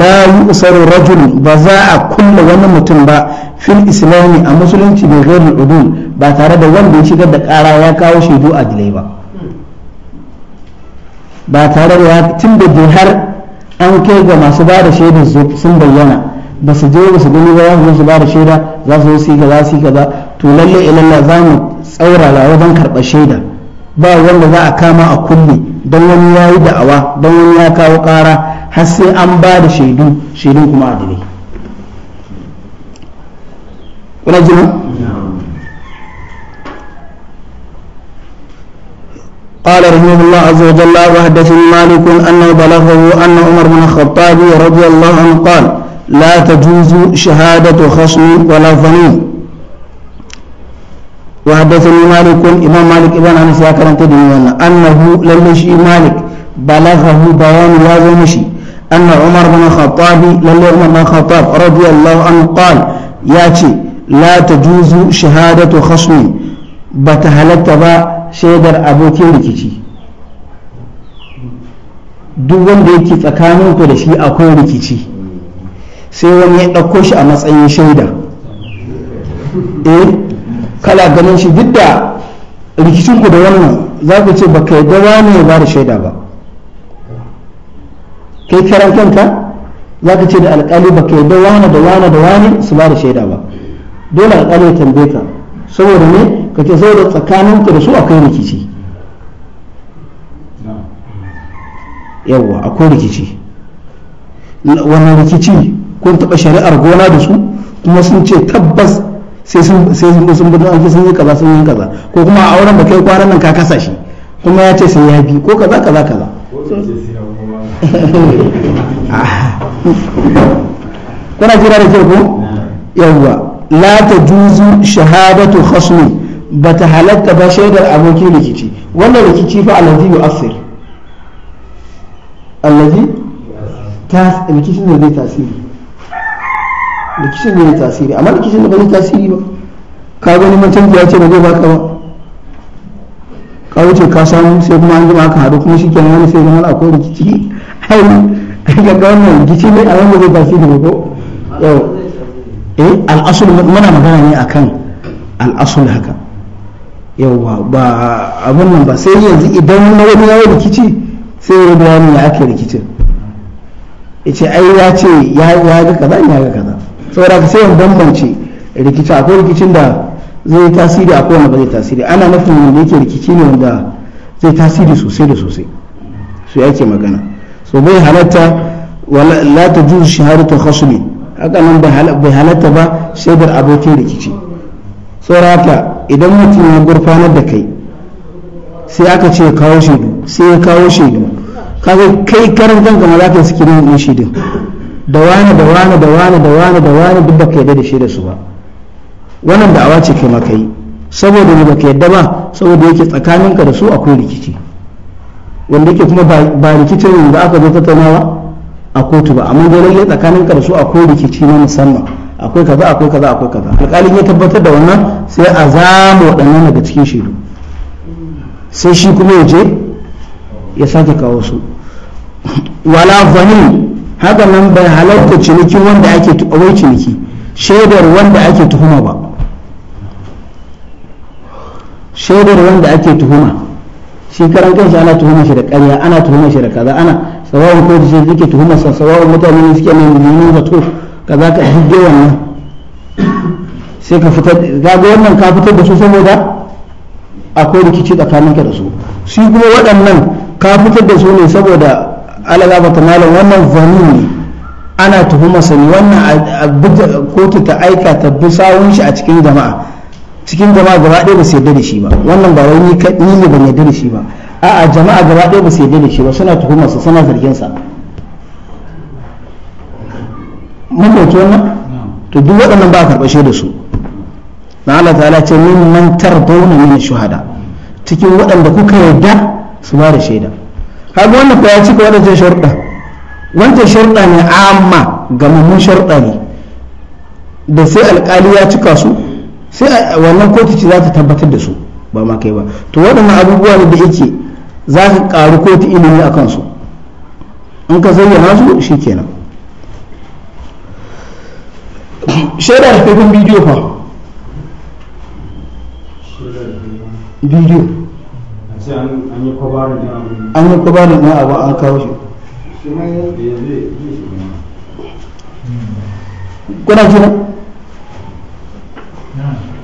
لا يؤثر رجل بزاء كل wani mutum ba fil islami a musulunci bai gari udul ba tare da wanda ya shigar da kara ya kawo shaidu a ba ba tare da tun da har an kai ga masu bada shaidar sun bayyana ba su je ba su gani ba za su ba da shaida za su su yi kaza su yi kaza to lalle za mu tsaurara wajen karɓar shaida ba wanda za a kama a kulle don wani ya yi da'awa don wani ya kawo ƙara har sai an ba da shaidu shaidun kuma adalai kuna jina قال رحمه الله عز وجل وحدثني مالك أنه بلغه أن عمر بن الخطاب رضي الله عنه قال لا تجوز شهادة خصم ولا ظنين وحدثني مالك إمام مالك ابن أنس يا كلام تدني أنه للشي مالك بلغه بيان لازم شيء أن عمر بن الخطاب للي عمر بن الخطاب رضي الله عنه قال ياتي لا تجوز شهادة خصم بتهلت با شيدر أبوكي ركتي duk wanda yake tsakaninku da shi akwai rikici sai wani ya ɗauko shi a matsayin shaida eh kala ganin shi duk da rikicinku da wannan za ku ce baka yadda wani ya ba da shaida ba kai karan kanka za ka ce da alƙali baka yadda wani da wani da wani su ba da shaida ba dole alƙali ya tambaye ka saboda ne ka ce saboda ka da su akwai rikici yawwa akwai rikici wannan rikici kun taɓa shari'ar gona da su kuma sun ce tabbas sai sun sun bi an sun yi kaza sun yi kaza ko kuma a auren da kai kwanan nan ka kasa shi kuma ya ce sai ya bi ko kaza kaza kaza kuna jira da ke ko yawwa la ta juzu shahadatu khasmi ba ta halatta ba shaidar abokin rikici wannan rikici fa alazi yu asir allazi ta rikicin zai tasiri rikicin ya tasiri amma rikicin da ba tasiri ba ka gani mutum ya ce ba zai baka ba ka wuce ka samu sai kuma an jima ka haɗu kuma shi kenan wani sai zama akwai rikici ai ga ga wannan rikici ne a wanda zai tasiri ne ko yau eh al'asul muna magana ne akan al'asul haka yauwa ba abin nan ba sai yanzu idan na wani yawo rikici sai ya ne ya ake rikicin ya ce ai ya ce ya ga kaza ya ga kaza saboda ka sai bambance rikici akwai rikicin da zai tasiri akwai wanda ba zai tasiri ana nufin wanda yake rikici ne wanda zai tasiri sosai da sosai su yake magana so bai halatta la ta juzu ta khasumi haka nan bai halatta ba shaidar abokin rikici saboda idan mutum ya gurfanar da kai sai aka ce kawo shaidu sai ya kawo shaidu kaga kai karan kanka ma za ka yi sikirin ɗin shaidun da wani da wani da wani da wani da wani duk baka yadda da shi da su ba wannan da'awa ce kai maka yi saboda ne baka yadda ba saboda yake tsakaninka da su akwai rikici wanda yake kuma ba ne da aka zo tattaunawa a kotu ba amma dole tsakanin tsakaninka da su akwai rikici na musamman akwai kaza akwai kaza akwai kaza alƙalin ya tabbatar da wannan sai a zama waɗannan daga cikin shaidu sai shi kuma ya je ya sake kawo su wala fahim haka nan bai halatta ciniki wanda ake wai ciniki shaidar wanda ake tuhuma ba shaidar wanda ake tuhuma shi karan kanshi ana tuhuma shi da ƙarya ana tuhuma shi da kaza ana ko da shi suke tuhuma sa sawawa mutane ne suke mai mummunan zato kaza ka hidde wannan sai ka fitar ga wannan ka fitar da su saboda akwai rikici ka da su shi kuma waɗannan ka fitar da su ne saboda ala za malam wannan zani ne ana tuhuma sani wannan kotu ta aika ta bi sawun shi a cikin jama'a cikin jama'a gaba ɗaya ba su yarda da shi ba wannan ba wani ni ne ban yarda da shi ba a'a jama'a gaba ɗaya ba su yarda da shi ba suna tuhumar sa suna zargin sa mun ɗauki wannan to duk waɗannan ba a karɓashe da su na Allah ta'ala ce min mantar tarbauna min shuhada cikin waɗanda kuka yarda su ba da shaida kaga wannan fa ya cika wadancan sharuɗa wancan sharuɗa ne amma gamammun sharuɗa ne da sai alkali ya cika su sai wannan kotu ce za ta tabbatar da su ba ma kai ba to waɗannan abubuwa ne da yake za ka ƙaru kotu ilimi a kansu in ka zayyana su shi kenan shaida da bidiyo fa bidiyo an yi kwabarin ɗin abu an kawo shi kuna jira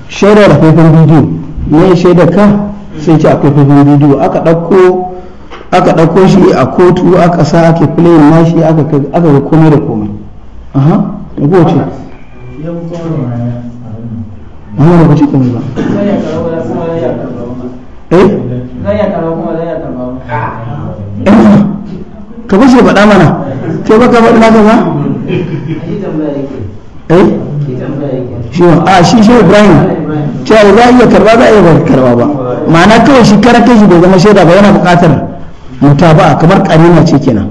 shaidar da faifin bidiyo ne shaida ka sai ce a faifin bidiyo aka ɗauko aka ɗauko shi a kotu aka sa ake playin nashi aka ga komai da komai aha da goce amma da wani ci komai ba eh ka ba shi faɗa mana ke ba ka faɗi naka ba eh a shi shi ibrahim ce cewa za a iya karba za a iya karba ba ma'ana kawai shi kara kai shi bai zama shaida ba yana buƙatar ba kamar ƙarina ce kenan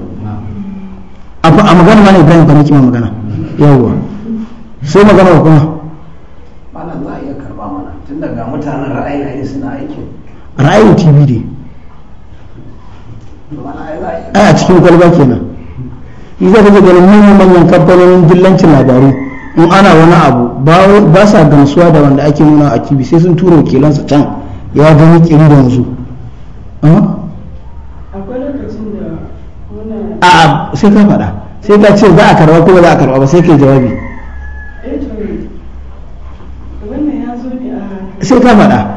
a magana mana ibrahim ba nake ma magana yawwa sai magana ba kuma ba na za a iya karba mana tun daga mutanen ra'ayi suna aikin ra'ayin tv ne a cikin kwalba kenan yi za ka ji ganin nuna manyan kamfanonin dillancin labarai in ana wani abu ba sa gamsuwa da wanda ake nuna a tv sai sun tura wakilansa can ya gani kiri da yanzu a sai ka faɗa sai ka ce za a karba ko za a karba ba sai ka jawabi eh, sai ka faɗa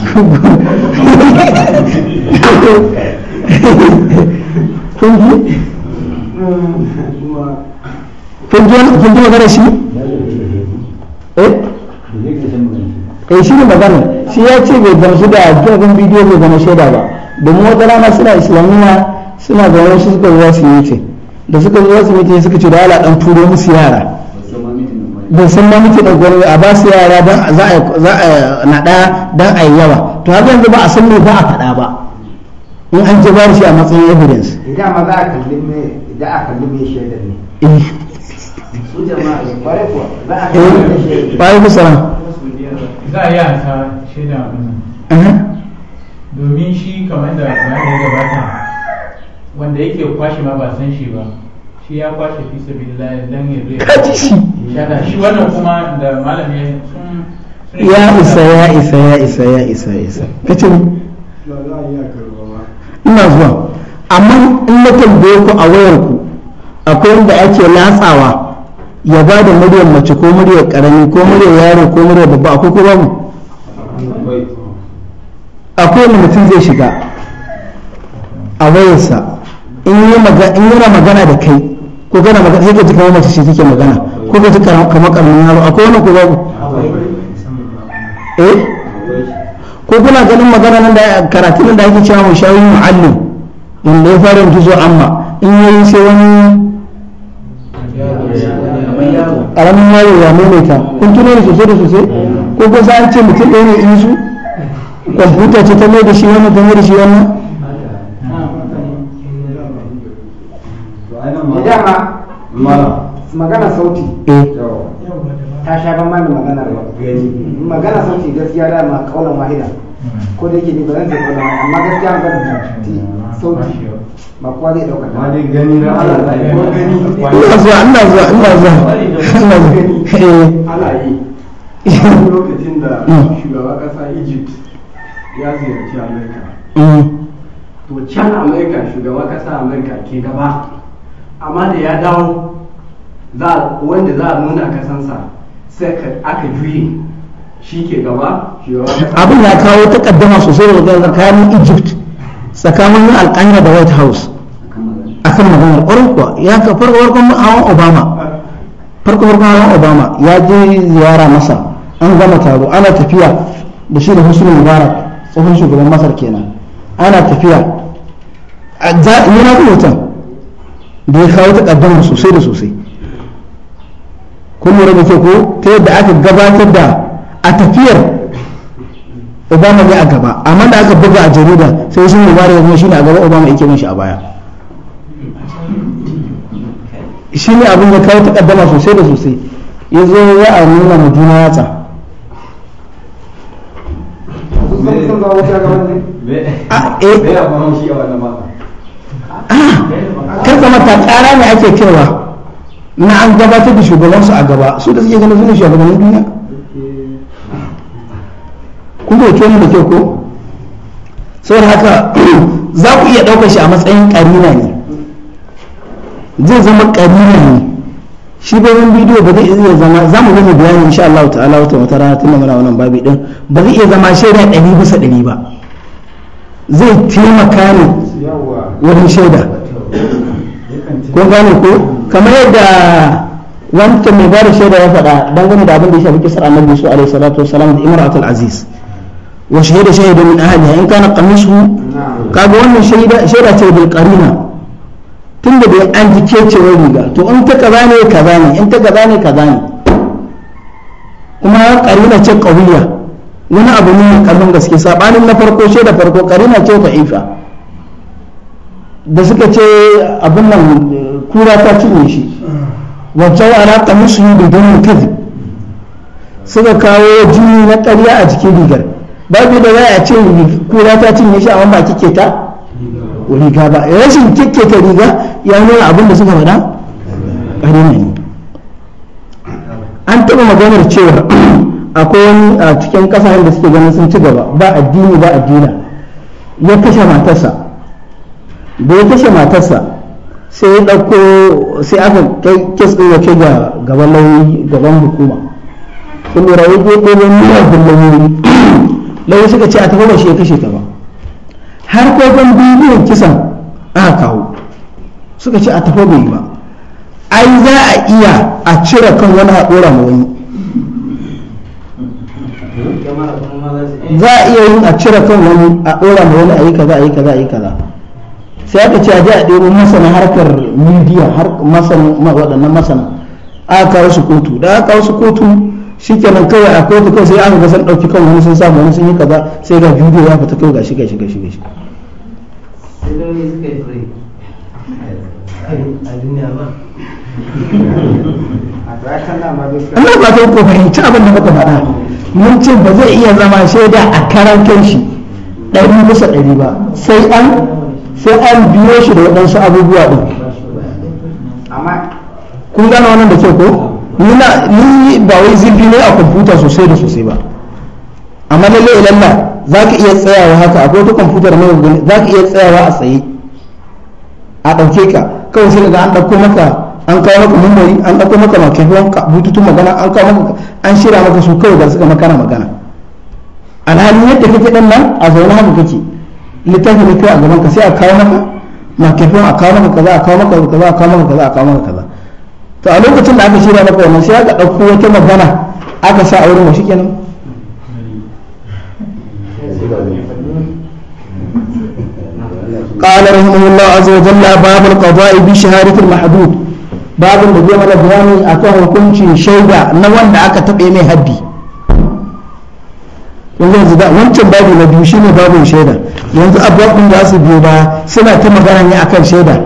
kun ji magana shi eh. eh shi ne magana shi ya ce bai gamsu da jirgin bidiyo mai gama shaida ba domin wata rana suna islamiyya suna ga wasu suka zuwa su yi ce da suka zuwa su yi suka ce da ala dan turo musu yara da sun ma muke da gwamnati a ba su yara don za a naɗa don a yi yawa to har yanzu ba a san me ba a faɗa ba in an ji shi a matsayin evidence idan eh, ma za a kalli me idan a kalli me shaidar ne eh. su jama'a kwarai kuwa za a eh, kalli me shaidar kwarai kusa za a yi a sa shaida abin domin shi kamar da bayan da gabata wanda yake kwashe ma ba san shi ba shi ya kwashe fi sabilillah dan ya zo ka ji shi shi wannan kuma da malami ya isa ya isa ya isa ya isa ya isa ka ce ina zuwa amma in na tambaye ku a wayarku, akwai wanda ake latsawa ya ba da muryar mace ko muryar karami ko muryar yaro ko muryar babba akwai ko babu akwai wanda mutum zai shiga a wayarsa in yana magana da kai ko gana magana sai ka ji kamar mace shi take magana ko ka ji kamar karamin yaro akwai wani ko babu eh ko kuna ganin magana nan da karatun da ake cewa mu shawi mu'allim da ya fara mutu zuwa amma in yayi sai wani karamin yaro ya maimaita kun tuno da sosai da sosai ko ga za a ce mutum ɗaya ne in su kwamfuta ce ta mai da shi wannan ta mai da shi wannan magana magana sauti eh. ta sha ban mana magana magana sauti gaskiya da ma kaulan wahida hmm. ko da yake ni ba zan ce kaulan amma gaskiya magana sauti hmm. ba kowa zai dauka ta wani gani na Allah zai ko gani ina zuwa ina zuwa ina zuwa ina zuwa eh. ana yi lokacin da hmm. shugaba kasa Egypt ya ziyarci America to can America shugaba kasa America ke gaba amma da ya dawo wanda za a nuna kasansa sai aka juye shi ke gaba abin ya kawo takaddama sosai da tsakanin egypt tsakanin alƙanya da white house A kan maganar ƙwarin ya ka farko farkon hawan obama farko farkon hawan obama ya je ziyara masa an gama taro ana tafiya da shi da husnul mubarak tsohon shugaban masar kenan ana tafiya yana da da ya kawo takaddama sosai da sosai kun lura da ko ta yadda aka gabatar da a tafiyar obama ne a gaba amma da aka buga a jarida sai sun mubarak ya kuma shine a gaba obama yake shi a baya shi ne abin da kawo ta ƙaddama sosai da sosai ya zo ya a nuna mu juna yatsa a eh kar kuma ta kara ne ake cewa na an gabatar da shugabansu a gaba su da suke ganin su ne shugabannin duniya Kuma bai ne da kyau ko saboda haka za ku iya ɗaukar shi a matsayin karina ne zai zama karina ne shi bayan bidiyo ba zai iya zama za mu gani bayani insha Allah ta'ala wata wata rana tunda muna wannan babi din ba zai iya zama shaida 100 bisa 100 ba zai taimaka ne wurin shaida ko gane ko kamar yadda wancan mai bada shaida ya faɗa dangane da abin da ya shafi kisar annabi su alaihi salatu wasalam da imratul aziz wa shaida shahida min ahliha in kana qamisu kaga wannan shaida shaida ce bil qarina tunda da an ce kecewar riga to in ta kaza ne kaza ne in ta kaza ne kaza ne kuma karina ce kawiya wani abu ne mai gaske sabanin na farko shaida farko karina ce ta ifa da suka ce abin nan kura ta cinye shi wancan ana ta musu yi bidon mukazi suka kawo jini na karya a jikin rigar babu da za a ce kura ta cinye shi a ba kike ta riga ba rashin kike ta riga ya nuna abin da suka faɗa ƙari ne an taɓa maganar cewa akwai wani a cikin ƙasashen da suke ganin sun ci gaba ba addini ba addina ya kashe matarsa da ya kashe matarsa sai ya ɗauko sai aka kai kes ɗin wace ga gaban lauyi gaban hukuma sun lura ya ke ɗaya miyagun lauyoyi lauyi suka ce a tafi ba shi ya kashe ta ba har faifan bidiyon kisan aka kawo suka ce a tafi bai ba ai za a iya a cire kan wani haɗura ma wani za a iya yin a cire kan wani a ɗora ma wani a yi kaza a yi kaza a yi kaza sai aka ce a ji a ɗebo masana harkar midiya har masana waɗannan masana a kawo su kotu da aka kawo su kotu shi kenan kawai a kotu kai sai aka ga san ɗauki kan wani sun samu wani sun yi kaza sai ga bidiyo ya fita kawai gashi gashi gashi gashi Allah ba ta ku fahimci abin da muka faɗa mun ce ba zai iya zama shaida a karan kanshi ɗari bisa ɗari ba sai an sai an biyo shi da waɗansu abubuwa ɗin kun gane wannan da ke ko ni ba wai zirfi ne a kwamfuta sosai da sosai ba amma lai lalla za ka iya tsayawa haka a wata kwamfutar mai gani za ka iya tsayawa a tsaye a ɗauke ka kawai sai daga an ɗauko maka an kawo maka mummari an ɗauko maka makafin bututun magana an kawo maka an shirya maka su kawai ga suka makana magana alhalin yadda kake ɗan nan a zaune haka kake littafin ne kai a gaban ka sai a kawo maka makifin a kawo maka kaza a kawo maka kaza a kawo maka kaza a kawo maka kaza to a lokacin da aka shirya maka wannan sai aka ɗauko wata magana aka sa a wurin wa shikenan قال رحمه الله عز وجل باب القضاء بشهادة المحدود باب da zai mana bayani akan hukuncin shaida na wanda aka taɓe mai haddi yanzu yanzu da wancan babu na biyu shine babin shaida yanzu abubuwan da su biyo ba suna ta magana ne akan shaida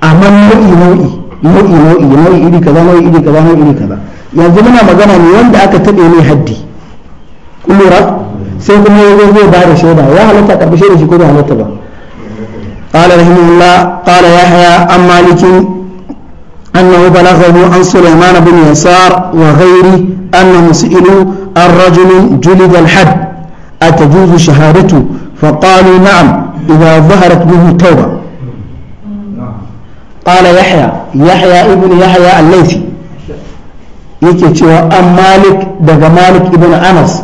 amma nau'i nau'i nau'i nau'i nau'i iri kaza nau'i iri kaza nau'i iri kaza yanzu muna magana ne wanda aka taɓe ne haddi kulura sai kuma yanzu zai ba da shaida ya halatta karɓi shaida shi ko bai halatta ba قال رحمه الله قال يحيى عن مالك أنه بلغه عن سليمان بن يسار وغيره أنهم سئلوا الرجل جلد الحد أتجوز شهادته فقالوا نعم إذا ظهرت منه التوبة قال يحيى يحيى ابن يحيى الليثي yake cewa an malik daga malik ibn anas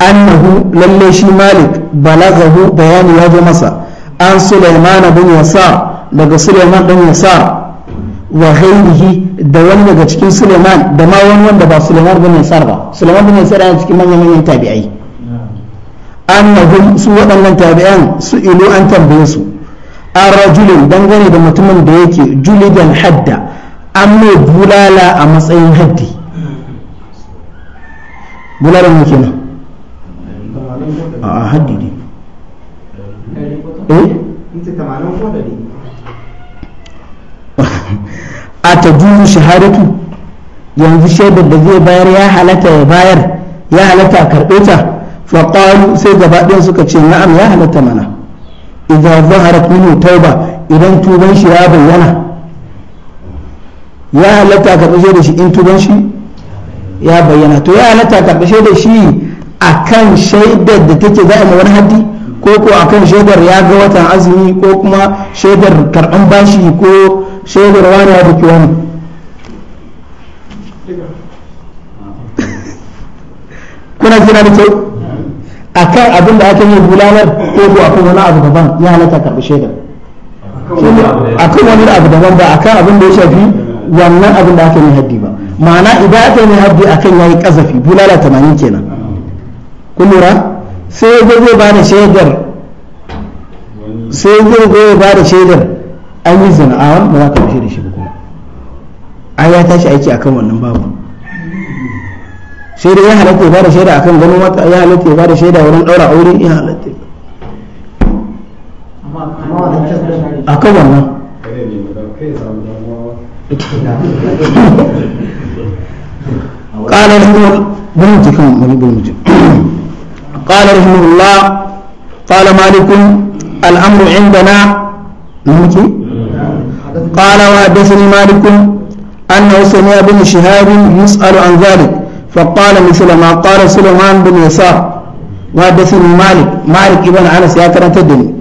annahu lalle shi malik balagahu bayani ya zo masa an sulaiman bin yasar daga sulaiman bin wa ghairihi da wani daga cikin Suleiman da ma wani wanda ba Suleiman bin Yasar ba Suleiman bin Yasar yana cikin manyan manyan tabi'ai annahum su waɗannan tabi'an su ilu an tambaye su an rajulin dangane da mutumin da yake julidan hadda an mai bulala a matsayin haddi bulala ne kenan a haddi ne eh a ta juyu shahadatu yanzu shaidar da zai bayar ya halatta ya bayar ya halatta a karɓe ta faƙalu sai gaba ɗaya suka ce na'am ya halatta mana idan zaharat minhu tauba idan tuban shi ya bayyana ya halatta a karɓe da shi in tuban shi ya bayyana to ya halatta a karɓe da shi a kan shaidar da take za a yi wani haddi ko ko kan shaidar ya ga watan azumi ko kuma shaidar karɓan bashi ko shaidar wani ya buki wani kuna jira da kyau a kan abin da aka yi bulalar ko ko akan wani abu daban ya halatta karɓi shaidar a kan wani abu daban ba a kan abin da ya shafi wannan abin da aka yi haddi ba ma'ana idan aka yi haddi akan yayi kazafi bulala tamanin kenan kun lura sai ya zai ba da shaidar sai ya zai ba da shaidar an yi zana'awan ba za ka da shi ba kuma an ya tashi aiki akan wannan babu sai dai ya halatta ya bada shaida akan ganin wata ya halatta ya bada shaida wurin daura aure ya halatta akan wannan قال رحمه الله قال رحمه الله قال مالك الأمر عندنا نمتي قال وحدثني مالك أنه سمع بن شهاب يسأل عن ذلك فقال مثل ما قال سليمان بن يسار وحدثني مالك مالك ابن أنس يا ترى تدني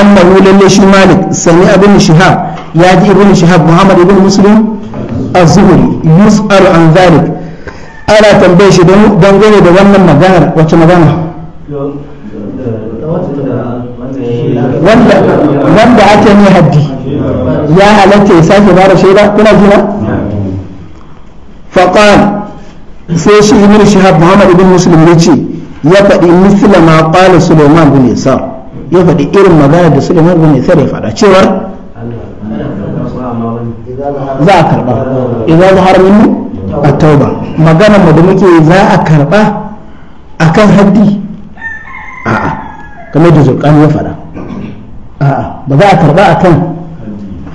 أنه لليش مالك سمع بن شهاب يأتي ابن شهاب محمد بن مسلم الزهري يسأل عن ذلك ألا تنبيش دنجل دوانا مغانا وش مغانا wanda ake ne haddi ya halatta ya sake ba da shaida kuna jina faqal sai shi ibn shihab muhammad ibn muslim ya ce ya faɗi misla ma qala sulaiman bin yasar ya faɗi irin magana da sulaiman bin yasar ya faɗa cewa za a karba idan zahar minnu at-tauba magana mu da muke za a karba akan haddi a'a kamar da zulqani ya faɗa a'a ba za a karba akan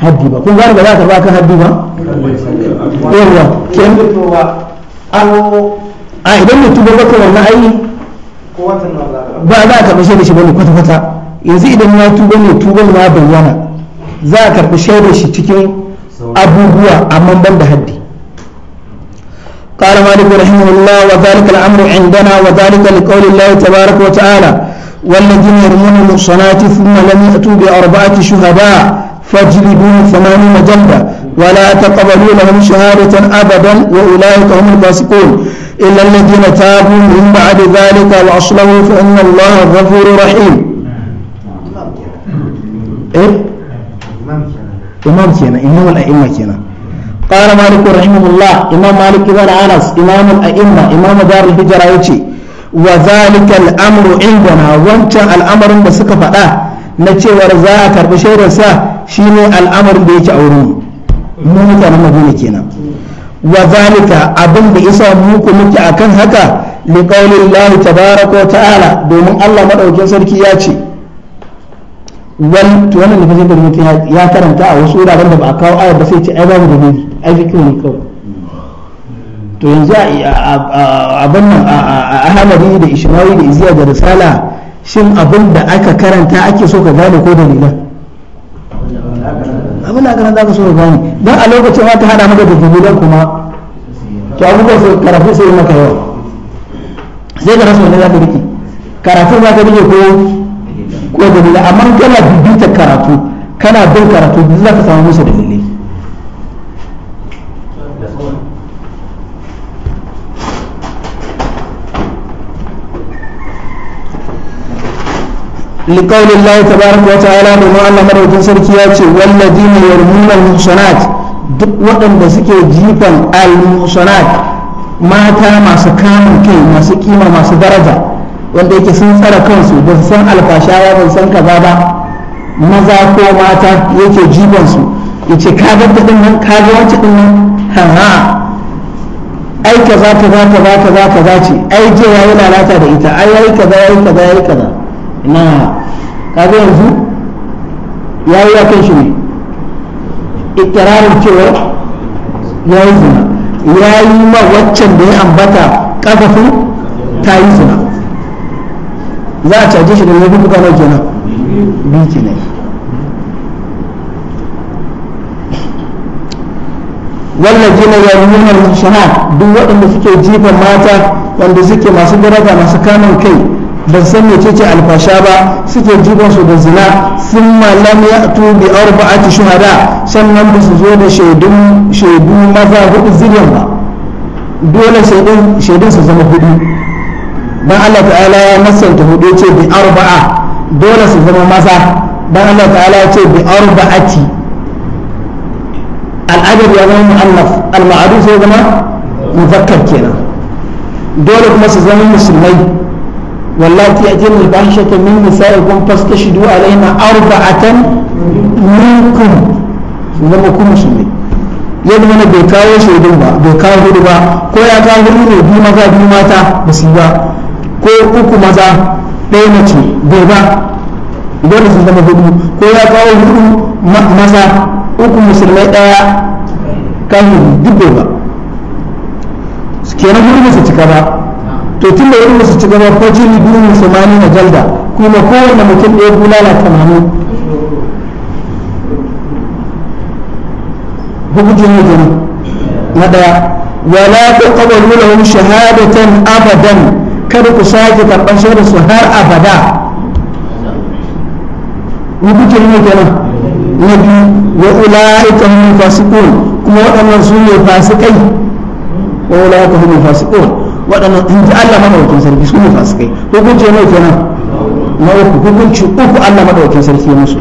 haddi ba kun gane ba za ka baka haddi ba yawwa ken a idan mutum ba baka wannan ayi ba za ka bashe da shi bane kwata kwata yanzu idan ya tuba ne tuban ya bayyana za ka karɓi shaidar shi cikin abubuwa amma ban da haddi قال مالك رحمه الله وذلك الامر عندنا وذلك لقول الله تبارك وتعالى والذين يرمون المحصنات ثم لم ياتوا باربعه شهداء فاجلبوا ثمانين جلدة ولا تقبلوا لهم شهادة أبدا وأولئك هم الفاسقون إلا الذين تابوا من بعد ذلك وأصلحوا فإن الله غفور رحيم إيه؟ إمام كينا إمام الأئمة كينا قال مالك رحمه الله إمام مالك بن أنس إمام الأئمة إمام دار الهجرة يجي وذلك الأمر عندنا وانت الأمر بسكفة نتشي ورزاء كربشير ساه Shi ne al'amarin da yake a wurin mu mutanen madina kenan wa zalika abin da isa mu ku muke akan haka li tabaaraka wa ta'ala domin Allah madaukin sarki ya ce wal to wannan da fashin da mutum ya karanta a wasu wuraren da ba a kawo ayar ba sai ce ai babu dalili ai fikihu ne kawai to yanzu abin nan a ahmadi da ishmawi da iziya da risala shin abin da aka karanta ake so ka gane ko dalilan abin da kana za ka so ka gane don a lokacin ma ta hada maka da gidan kuma to abubuwan su karatu sai maka yau sai ka rasa wani za ka rike karatu za ka rike ko ko dalilai amma kana bibitar karatu kana bin karatu duk za ka samu musu dalilai لقول الله تبارك وتعالى بما الله مرة سركيات والذين يرمون المحصنات duk waɗanda suke jifan al-musanat mata masu kamun kai masu kima masu daraja wanda yake sun tsara kansu ba su san alfasha ba san kaza ba maza ko mata yake jifan su yace ka ga din nan ka ga wacce nan ha ha ai kaza kaza kaza kaza kaza ce ai je yayi lalata da ita ai yayi kaza yayi kaza yayi kaza ina kaga yanzu ya yi wakan shi ne ikirarin cewa ya yi zina ya yi ma waccan da ya ambata kafafin ta yi zina za a caje shi da ya buga na kenan biyu kenan yi يرمون المحصنات duk waɗanda suke jifa mata wanda suke masu daraja masu kamun kai ba san mece ce alfasha ba suke jiban su da zina sun malam ya tu bi arba'ati shuhada sannan ba su zo da shaidu maza hudu zilyan ba dole shaidun su zama hudu dan Allah ta'ala ya nasanta hudu ce bi arba'a dole su zama maza dan Allah ta'ala ya ce bi arba'ati al'adab ya zama mu'allaf al-ma'ruf ya zama muzakkar kenan dole kuma su zama musulmai واللاتي يأتين الفاحشة من نسائكم فاستشهدوا عليهن أربعة منكم sunan ku musulmi yadda mana bai kawo shaidun ba bai kawo hudu ba ko ya kawo hudu ne biyu maza biyu mata ba su ba ko uku maza ɗaya mace bai ba dole su zama hudu ko ya kawo hudu maza uku musulmai ɗaya kafiri duk bai ba kenan hudu ba su cika ba to tun da wani su ci gaba fajin biyu musulmani na jalda kuma kowane mutum ɗaya bulala tamanin hukuncin hujjani na ɗaya wala ta ƙabalu lahum shahadatan abadan kada ku sake karɓar shaidar su har abada hukuncin hujjani na biyu wa ula'ika hum fasiqun kuma waɗannan su ne fasikai wa ula'ika hum fasiqun waɗannan in ji Allah madaukakin sarki su ne kai hukunci ne kenan na uku hukunci uku Allah madaukakin sarki musu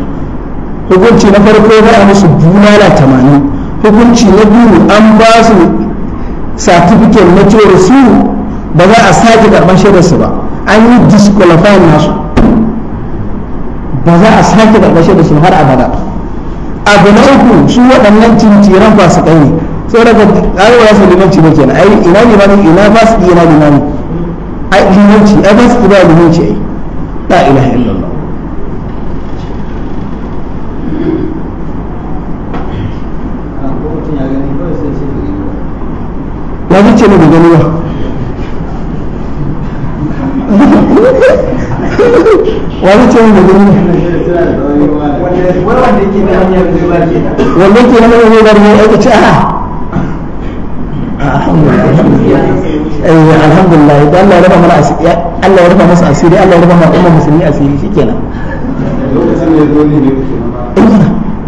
hukunci na farko za a musu bulala tamanin hukunci na biyu an ba su satifiket na cewar su ba za a sake karɓar su ba an yi disqualifying nasu ba za a sake karɓar su har abada abu na uku su waɗannan cinciran kai ne sai na ai wa su limanci ba kenan ai ina limani ina ba su ina ai limanci ai ba su limanci ai la ilaha illallah ya ji ce ne da gani ba wani ce ne da gani ba wanda ke na hanyar zai ba ke wanda ke na hanyar zai ba ke eh alhamdulillah da Allah ya raba mana asiri Allah ya masa asiri Allah ya raba mana musulmi asiri shikenan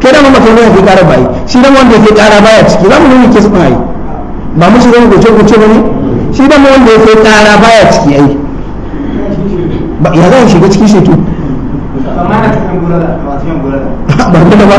kai da mamaka ne yake kara bai shi da wanda yake kara baya ciki za mu ne yake su bai ba mu shi zama goce goce bane shi da wanda yake kara baya ciki ai ya mu shiga cikin shetu ba ba ba ba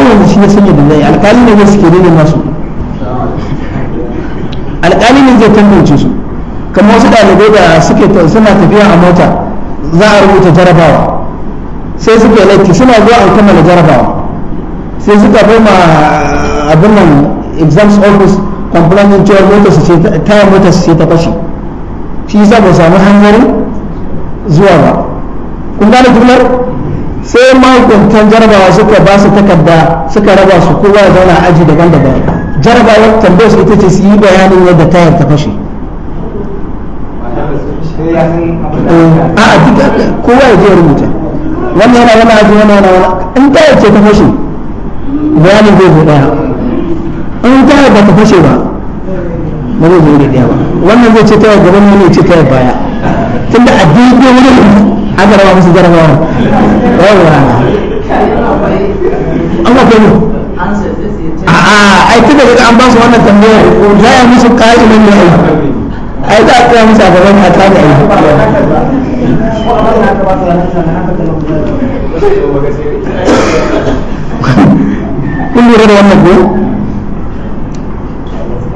ai yanzu shi ya sanya da zai alƙali ne zai suke daidai masu alƙali ne zai tantance su kamar wasu ɗalibai da suke suna tafiya a mota za a rubuta jarabawa sai suke laifi suna zuwa an kammala jarabawa sai suka bai ma abin nan exams office complainin cewa mota su ce taya motar su ce ta fashe shi yasa ba samu hanzarin zuwa ba kun gane jumlar sai maguntan jarabawa suka ba su takarda suka raba su kowa ya zauna aji daban-daban jarabawa tambayar su ita ce su yi bayanin yadda tayar ta fashe a'a duka kowa ya je rubuta wannan yana wani aji wannan yana wani in tayar ce ta fashe bayanin zai zo daya in tayar ba ta fashe ba ba zai zo daya ba wannan zai ce tayar gaban wani ya ce tayar baya tunda a daidai wurin aka raba musu jarabawa yawa an ba kwanu a ai tunda daga an ba su wannan tambayar za a musu ƙa'imin ne ai za a kira musu a gaban ka da ai kun lura da wannan ko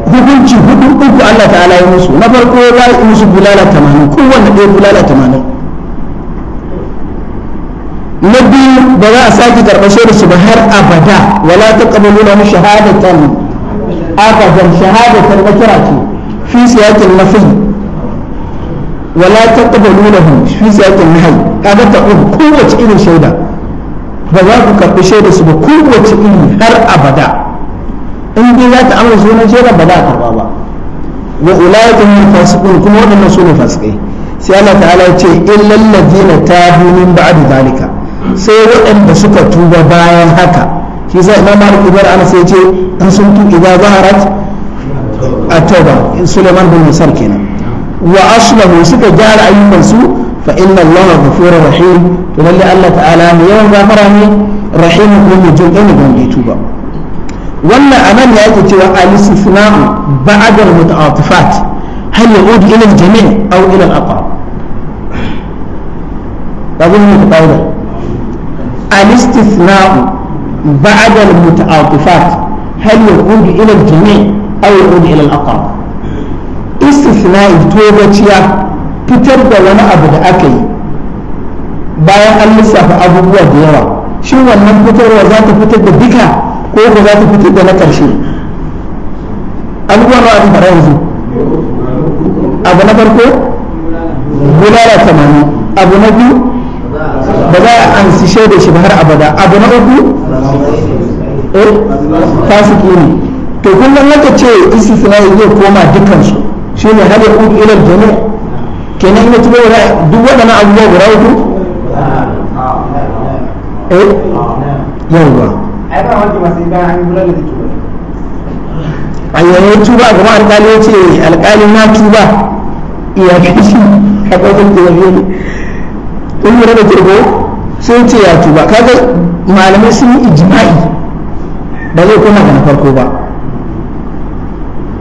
hukunci hudu uku Allah ta'ala ya musu na farko za yi musu bulala 80 kowanne ɗaya bulala 80 na biyu ba za a sake karɓar shaidar su ba har abada wala ta kabalu nuna mu shahadatan abadan shahadatan na kira ce fi siyakin nafi wala ta kabalu nuna mu fi siyakin nahai kaga ta uku kowace irin shaida ba za ku karɓi shaida su ba kowace iri har abada in dai za ta amince wani jera ba za a karɓa ba wa ulayatu min fasiqun kuma waɗannan su ne sai Allah ta'ala ya ce illal ladina tabu min ba'd zalika sai waɗanda suka tuba bayan haka shi sa imam malik ibn anas ya ce in sun tu idza zaharat in suleiman bin musar kenan wa aslahu suka gyara ayyukan su fa inna allaha ghafurur rahim to lalle allah ta'ala ne yawan gafara ne rahim kuma mai jin ɗan da tuba wannan anan ya yake cewa al-istisna'u ba'da al-muta'atifat hal ya'ud ila al-jami' aw ila al-aqrab الاستثناء بعد المتعاطفات هل يعود إلى الجميع أو يعود إلى الأقرب استثناء توبتيا fitar da wani abu da aka yi bayan an lissafa abubuwa da yawa shin wannan fitarwa za ta fitar da duka ko ba za ta fitar da na ƙarshe abubuwan ra'ayi fara yanzu abu na farko bulala tamanin abu na biyu ba za a ansi shaida shi ba har abada abu na uku eh fasiki ne to kullum haka ce istisna'i zai koma su shi ne hada yaqud ila al-jami kenan ya tuba wala duk wadannan abubuwa guda uku eh yawa ai ba wanda tuba kuma alƙali ya ce alƙali na tuba iya kashi a zai tuba ne in gura da tuba sun ce ya tuba kaga malamai sun yi ijma'i ba zai koma da na farko ba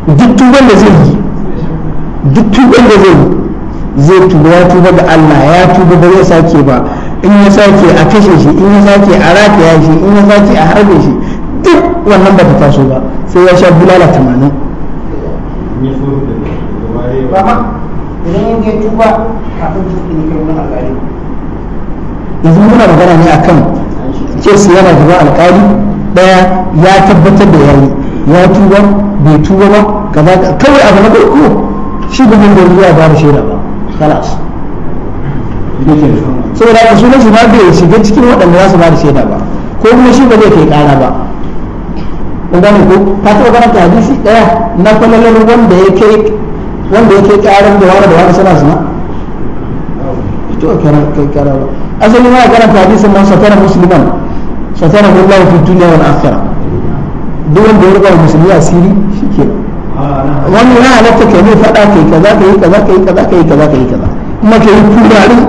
duk tuban da zai yi duk tuban da zai yi zai tuba ya tuba ga Allah ya tuba ba zai sake ba in ya sake a kashe shi in ya sake a rataya shi in ya sake a harbe shi duk wannan ba ta taso ba sai ya sha bulala tamanin idan ya tuba kafin tuba ne kai wani alƙali yanzu muna magana ne akan kes yana gaba alkali daya ya tabbatar da yayi ya tuba bai tuba ba kaza kawai abu na farko shi ba mun da ya ba da shaida ba khalas saboda su sunan shi ba bai shiga cikin waɗanda za su ba da shaida ba ko kuma shi ba zai kai ƙara ba kun gane ko ka taɓa karanta hadisi ɗaya na falalar wanda ya kai wanda ya kai ƙarar da wani da wani sana suna to kai ƙara ba asali ma kana ta hadisin man satara musliman satara billahi fi dunya wal akhirah duk wanda ya rubuta musulmi asiri shike wannan ya halatta kai mai fada kai kaza kai kaza kai kaza kai kaza kai kaza kuma kai kurarin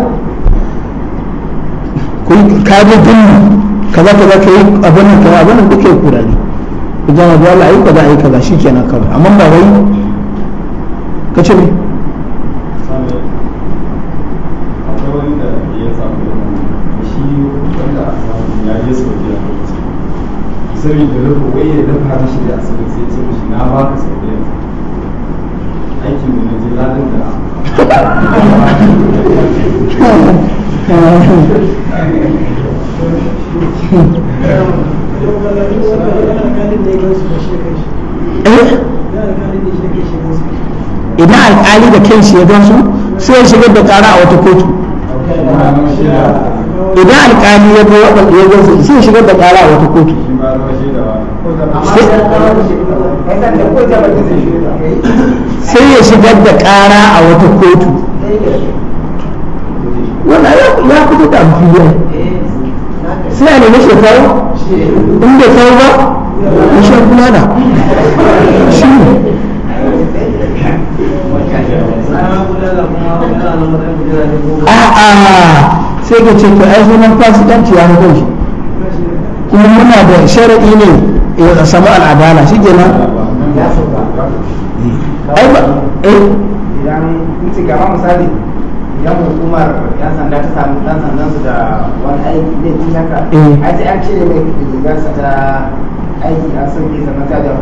ka kaje din kaza kaza kai abin nan kaza abin nan duke kurari idan Allah ayi kaza ayi kaza shikenan kawai amma ba wai kace ne Eh? idan alƙali da kai shi ya gan su sai ya shigar da ƙara a wata kotu idan alƙali ya ga wadda ya gan su sai ya shigar da ƙara a wata kotu sai ya shigar da ƙara a wata kotu wannan ya fito da amfiyar sai a nemi shekaru inda kawo ba a sha kula da shi ne a'a sai ka ce fasikanci ya hukun shi kuma muna da ne ya eh, samu al'adala shi ai ba eh gaba misali idan hukumar yan sanda ta samu dan sandan su da wani aiki zai ci haka eh. ai sai an cire mai rigarsa ta aiki an sauke sa mata da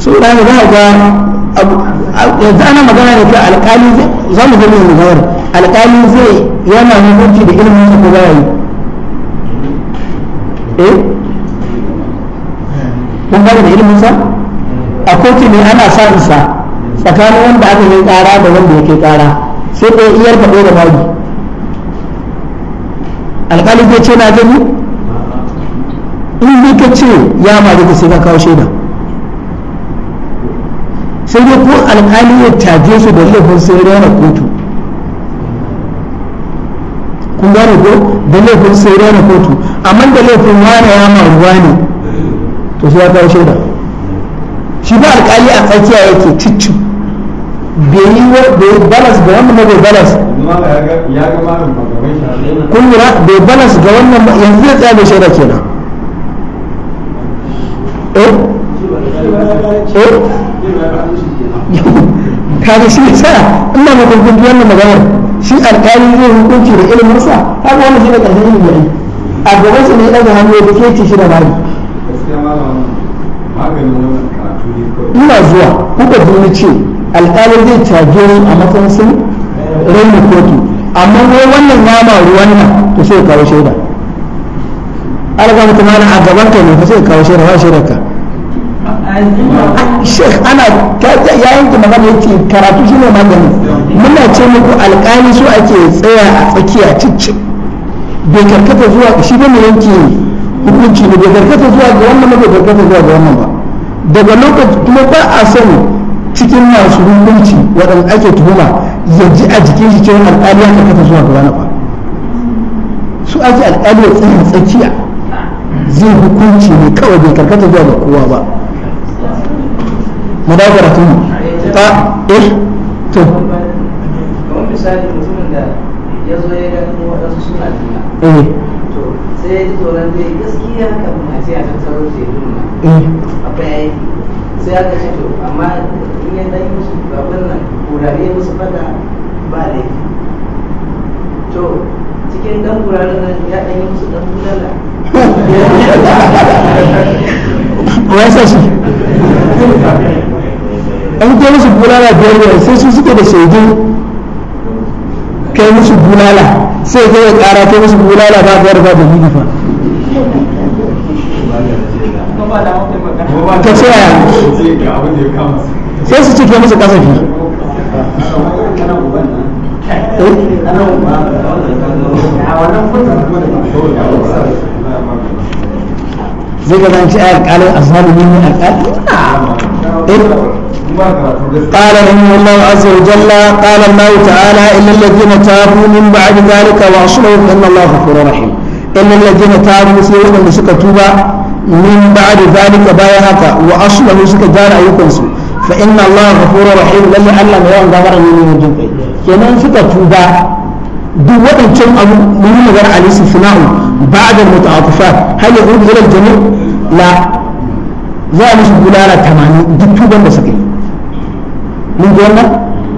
su da ne za ga yanzu ana magana da ke alkali za mu zama yanzu zai yana hukunci da ilimin sa ko ba eh kun gane da ilimin sa a kotu ne ana sa isa tsakanin wanda aka yi kara da wanda ya kai kara sai ɗaya iyar faɗo da babu alƙalin zai ce na gani in dai ka ce ya mari ka sai ka kawo shaida sai dai ko alƙali ya caje su da laifin sai rena kotu kun gane ko da laifin sai rena kotu amma da laifin wane ya mari wane to sai ya kawo shaida shi ba alƙali a tsakiya yake cicci bai yi bai balas ga wannan ba bai balas kun lura bai balas ga wannan ba yanzu zai tsaya bai shaida kenan eh, eh? shi ya sa ina ma kun ji wannan maganar shi alƙali zai hukunci da ilimin sa kaga wannan shi ne karshen ilimin ne a gaban sa ne ya daga hannu ya dake shi da bari ina zuwa kuka ji ni ce alƙali zai caje ni a matsayin sun kotu amma ko wannan ya ruwan wannan to sai kawo shaida alga mutum ana a gaban ka ne sai kawo shaida ba shaida ka shek ana ya yanke magana ya ce karatu shi ne magani muna ce muku alƙali su ake tsaya a tsakiya cicci bai karkata zuwa shi ba mu yanke hukunci ne bai karkata zuwa ga wannan ba bai karkata zuwa ga wannan ba daga lokacin kuma ba a sani cikin masu hukunci waɗanda ake tuhuma ya ji a jikin shi cewa alƙali ya karkata zuwa ga wani ba su ake alƙali ya tsaya tsakiya zai hukunci ne kawai bai karkata zuwa ga kowa ba madagara tun ta eh to misali mutumin da ya zo ya ga kuma waɗansu suna juna eh. to sai ya ji tsoron zai gaskiya kan mace a tattaro shi nuna eh. akwai aiki sai aka ce to amma kai musu babban wannan kurare musu fada ba laifi to cikin dan kurare nan ya dan yi musu dan bulala wai sai an kai musu bulala biyar ne sai su suke da shaidu kai musu bulala sai kai ya kara kai musu bulala ba biyar ba da ni fa ka ce ya sai su cike musu kasafi zai ga zan ci a alƙalin asali ne alƙali قال رحمه الله عز وجل قال الله تعالى إلا الذين تابوا من بعد ذلك وأصلحوا فإن الله غفور رحيم إلا الذين تابوا سيئون لسكة توبة من بعد ذلك بايعك وأصلحوا سكة دار أيكم سوء fa inna Allah ghafurur rahim lalle Allah yawan gafara ne mai jin kai kenan suka tuba duk waɗancan abu mun yi magana alaihi sunau ba'da muta'atifat hal ya'ud ila jami la za a mishi bulala 80 duk tuban da suka yi mun ga wannan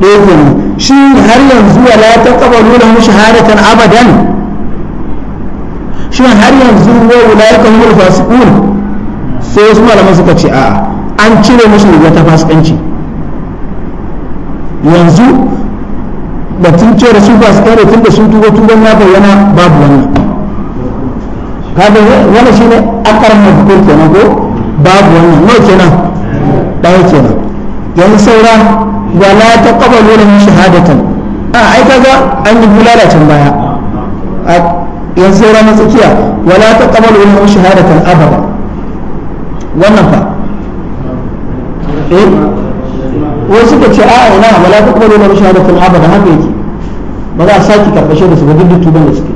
ɗaya eh, kenan shi har yanzu wala taqabalu lahum shahadatan abadan shi har yanzu wa ulaiika humul fasiqun sai wasu malaman suka ce a'a an cire musu riga ta fasikanci yanzu batun da su fasikanci tun da sun tuba tuban ya bayyana babu wannan kada wani shi ne akarar mafukur kenan ko babu wannan nau kenan ɗaya kenan yanzu saura wala ta kaba nuna mun shahadatan a ai kaga an yi bulala can baya yanzu saura na tsakiya wala ta kaba nuna mun shahadatan abada wannan fa Eh? wasu suka ce a'a ina za ta kuma dole shahada tun abada haka yake ba za a saki karɓashe da su ba duk tuban da suke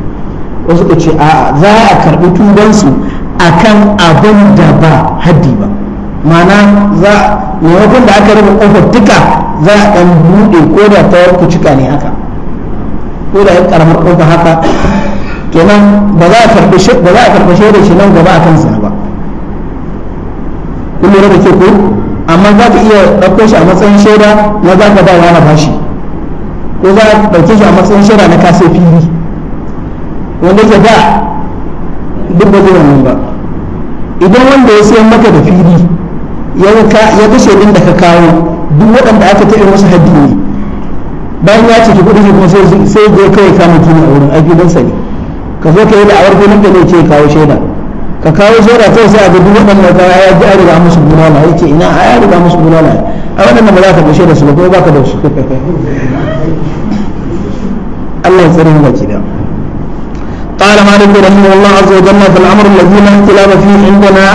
wasu suka ce a'a za a karɓi tubansu kan abin da ba haddi ba ma'ana za maimakon da aka raba kofar duka za a ɗan buɗe ko da ta warku cika ne haka ko da ya karamar kofa haka kenan ba za a karɓi da shi nan gaba a kansa ba kullum da ke ko amma za ka iya ɗauko shi a matsayin shaida na za ka ba wani bashi ko za ka ɗauke shi a matsayin shaida na kasa fili wanda ke da duk ba zai ba idan wanda ya sayan maka da fili ya ga shaidun da ka kawo duk waɗanda aka taɓa wasu haddi ne bayan ya ciki kuɗin shi kuma sai ya kawai kama kini a wurin aiki don ne ka zo ka yi da'awar filin da ne ce kawo shaida ka kawo shara kai sai a ga duk waɗannan ka ya ji an riga musu bulala ya ce ina a ya riga musu bulala a waɗannan ba za ka bashe da su ba kuma ba ka da su Allah ya tsare mu baki da قال مالك رحمه الله عز وجل في الامر الذي لا اختلاف فيه عندنا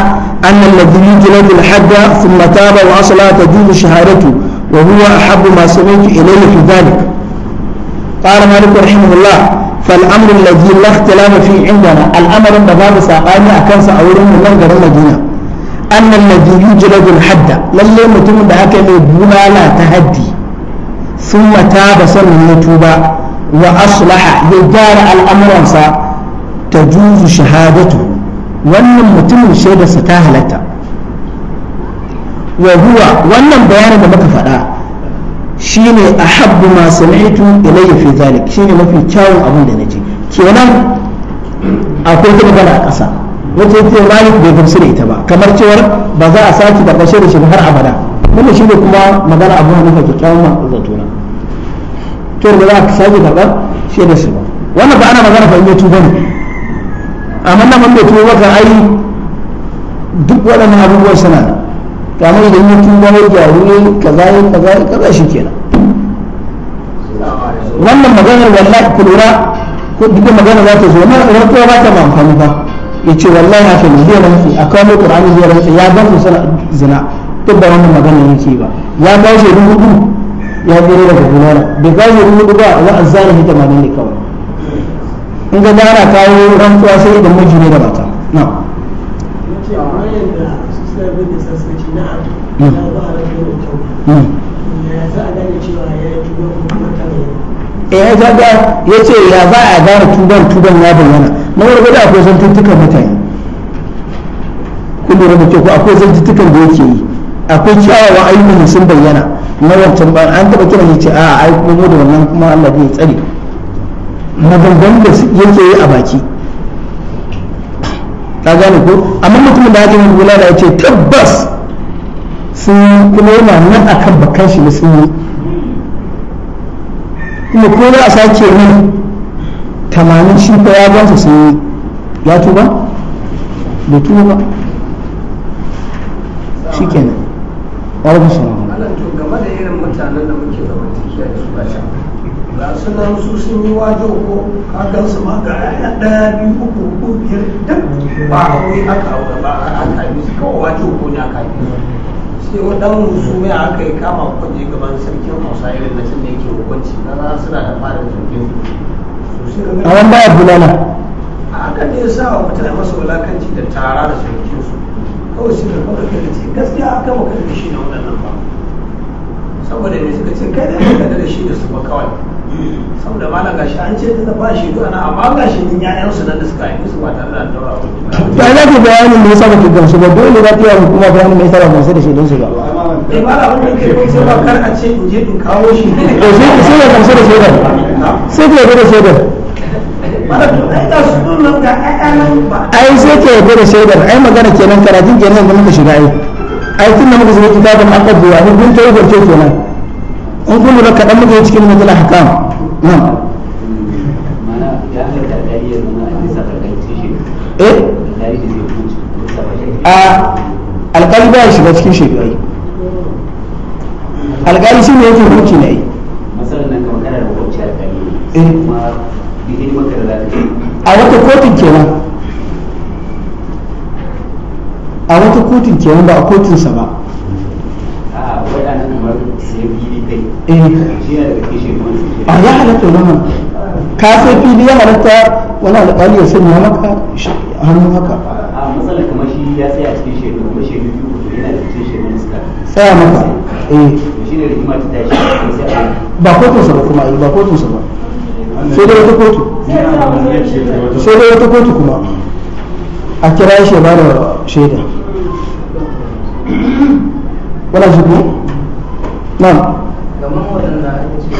ان الذي يجلد الحد ثم تاب واصلح تجوز شهادته وهو احب ما سمعت اليه في ذلك قال مالك رحمه الله فالأمر الذي لا اختلاف فيه عندنا الأمر النظام ساقاني أكنس أولهم من غير المدينة أن الذي يجلد الحد للي متم بهك بولا لا تهدي ثم تاب سنة يتوبا وأصلح يجار الأمر تجوز شهادته wannan mutumin shaidarsa ta halatta wa huwa wannan bayanin da muka faɗa shine ahabbu ma sami'tu ilayya fi zalik shine mafi kyawun abin da naji kenan akwai ta magana a ƙasa wacce ta yi malik bai gamsu da ita ba kamar cewar ba za a sake da bashe da shi har abada wannan shine kuma magana abu hanifa kyakkyawan ma zatona to da za ka sake karɓar shi da shi ba wannan ba ana magana fa in ya tuba ne amma nan man bai tuba ka ai duk waɗannan abubuwan suna kamar idan ya tuba ya gyaru ne kaza ya kaza kaza shi kenan wannan maganar wallahi ku lura ko duka magana za ta zo na rantsuwa ba ta ma amfani ba ya ce wallahi na shaɗi zai rantsi a kawo ƙur'ani zai rantsi ya ba su sana zina duk da wannan maganar yake ba ya ba shi rubutu ya tsere daga bulala bai ba shi rubutu ba za a zana hita ma ne kawai in ga ana kawo rantsuwa sai idan miji ne da mata na na eh ga ya ce ya za a gane tudan tudan ya bayyana na wani da akwai zantuttukan mutane kun lura da ko akwai zantuttukan da yake yi akwai kyawawan ayyukan sun bayyana na wancan ba an taba kiran ya ce a ai kuma mu da wannan kuma Allah zai tsare maganganun da yake yi a baki ta gane ko amma mutumin da ya jin gula da ya ce tabbas sun kuma yana nan akan bakan shi na sun yi kuma ko za a sake ne tamanin shi ko ya gansa sai ya tuba da tuba ba shi kenan ya rufe shi game da irin mutanen da muke zamantakiya da su bashi can ga su nan su sun yi wajo ko kakan su ma ga yana ɗaya biyu uku ko biyar duk ba a wai aka hau ba a kafin su kawai wajo ko ne a kafin sai wadan su mai aka yi kama kwaje gaban sarkin hausa irin na da yake hukunci na za suna da fara jirgin su a wanda ya bulala a kan ne sa wa mutane masu wulakanci da tara da sarkin su kawai su da kawai da ce gaskiya aka maka da shi na wannan ba saboda me suka ce kai da ka da shi da su ba kawai saboda ba na gashi an ce ta ba shi ana amma ga shi din ƴaƴansu nan da suka haifi su ba tare da daura ba ina ku bayanin da ya ba ku gamsu ba dole za ta yi kuma bayanin me yasa ba gamsu da don su ba eh ba abin da ke ko sai ba kar a ce in je in kawo shi eh sai sai ya gamsu da shedun sai ku yarda da shedun ai sai ke yarda da shaidar ai magana kenan karatun kenan da muka shiga ai ai tun da muka zama kitabun aqab wa kun tayi gurke kenan in kun lura kadan muka yi cikin majalah hakam na'am eh a alƙali ba ya shiga cikin shekaru alƙali shi ne yake hukunci na yi a wata kotun kenan a wata kotun ke wanda a kotun sa ba a ah, eh. ah, ya halatta wannan ka sai fili ya halatta wani alƙali ya sanya maka hannu haka a ah, matsalar kamar shi ya tsaya a cikin shekaru kuma shekaru biyu yana da cikin shekaru suka tsaya maka eh shi ne rigima ta tashi ba kotunsa ba kuma eh, ba kotun sa ba sai dai wata kotu sai dai wata kotu kuma a kira shi ba da shaida kuna ji nan waɗanda ake ce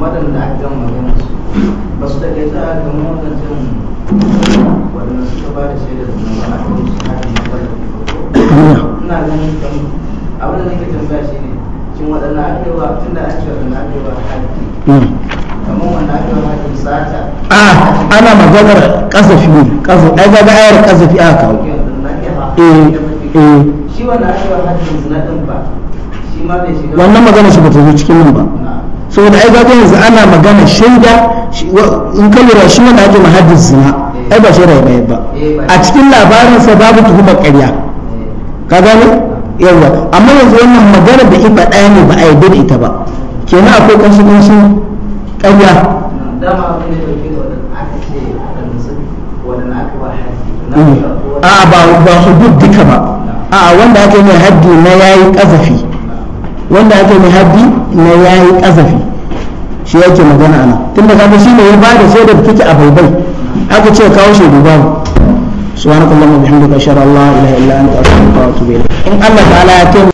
waɗanda gama su ba su daga ta waɗanda suka ba da shaidar zama a kan su ina ganin abin da nake tambaya shi ne waɗanda yi wa tun da ake waɗanda wa ana maganar ƙasafi ne ai ga ayar aka kawo Eh. shi wannan ashirar ba shi ma bai shiga wannan magana shi ba ta zo cikin nan ba saboda ai gaga yanzu ana magana shaida in ka lura shi wanda ake mahadis zina eh. ai ba shaida bai eh, ba a cikin labarin sa babu ba ƙarya ka gane yawa amma yanzu wannan magana da ifa ɗaya ne ba a yarda da ita ba kenan akwai kansu kansu ƙarya a ba hudud duka ba a wanda aka yi mai haddi na yayi kazafi wanda aka yi mai haddi na yayi kazafi shi yake magana ana tunda kaga shi ne ya ba da shaidar kike a baibai aka ce kawo shaidu babu subhanakallahumma bihamdika ashhadu an la ilaha illa anta astaghfiruka wa atubu ilayk in Allah ta'ala ya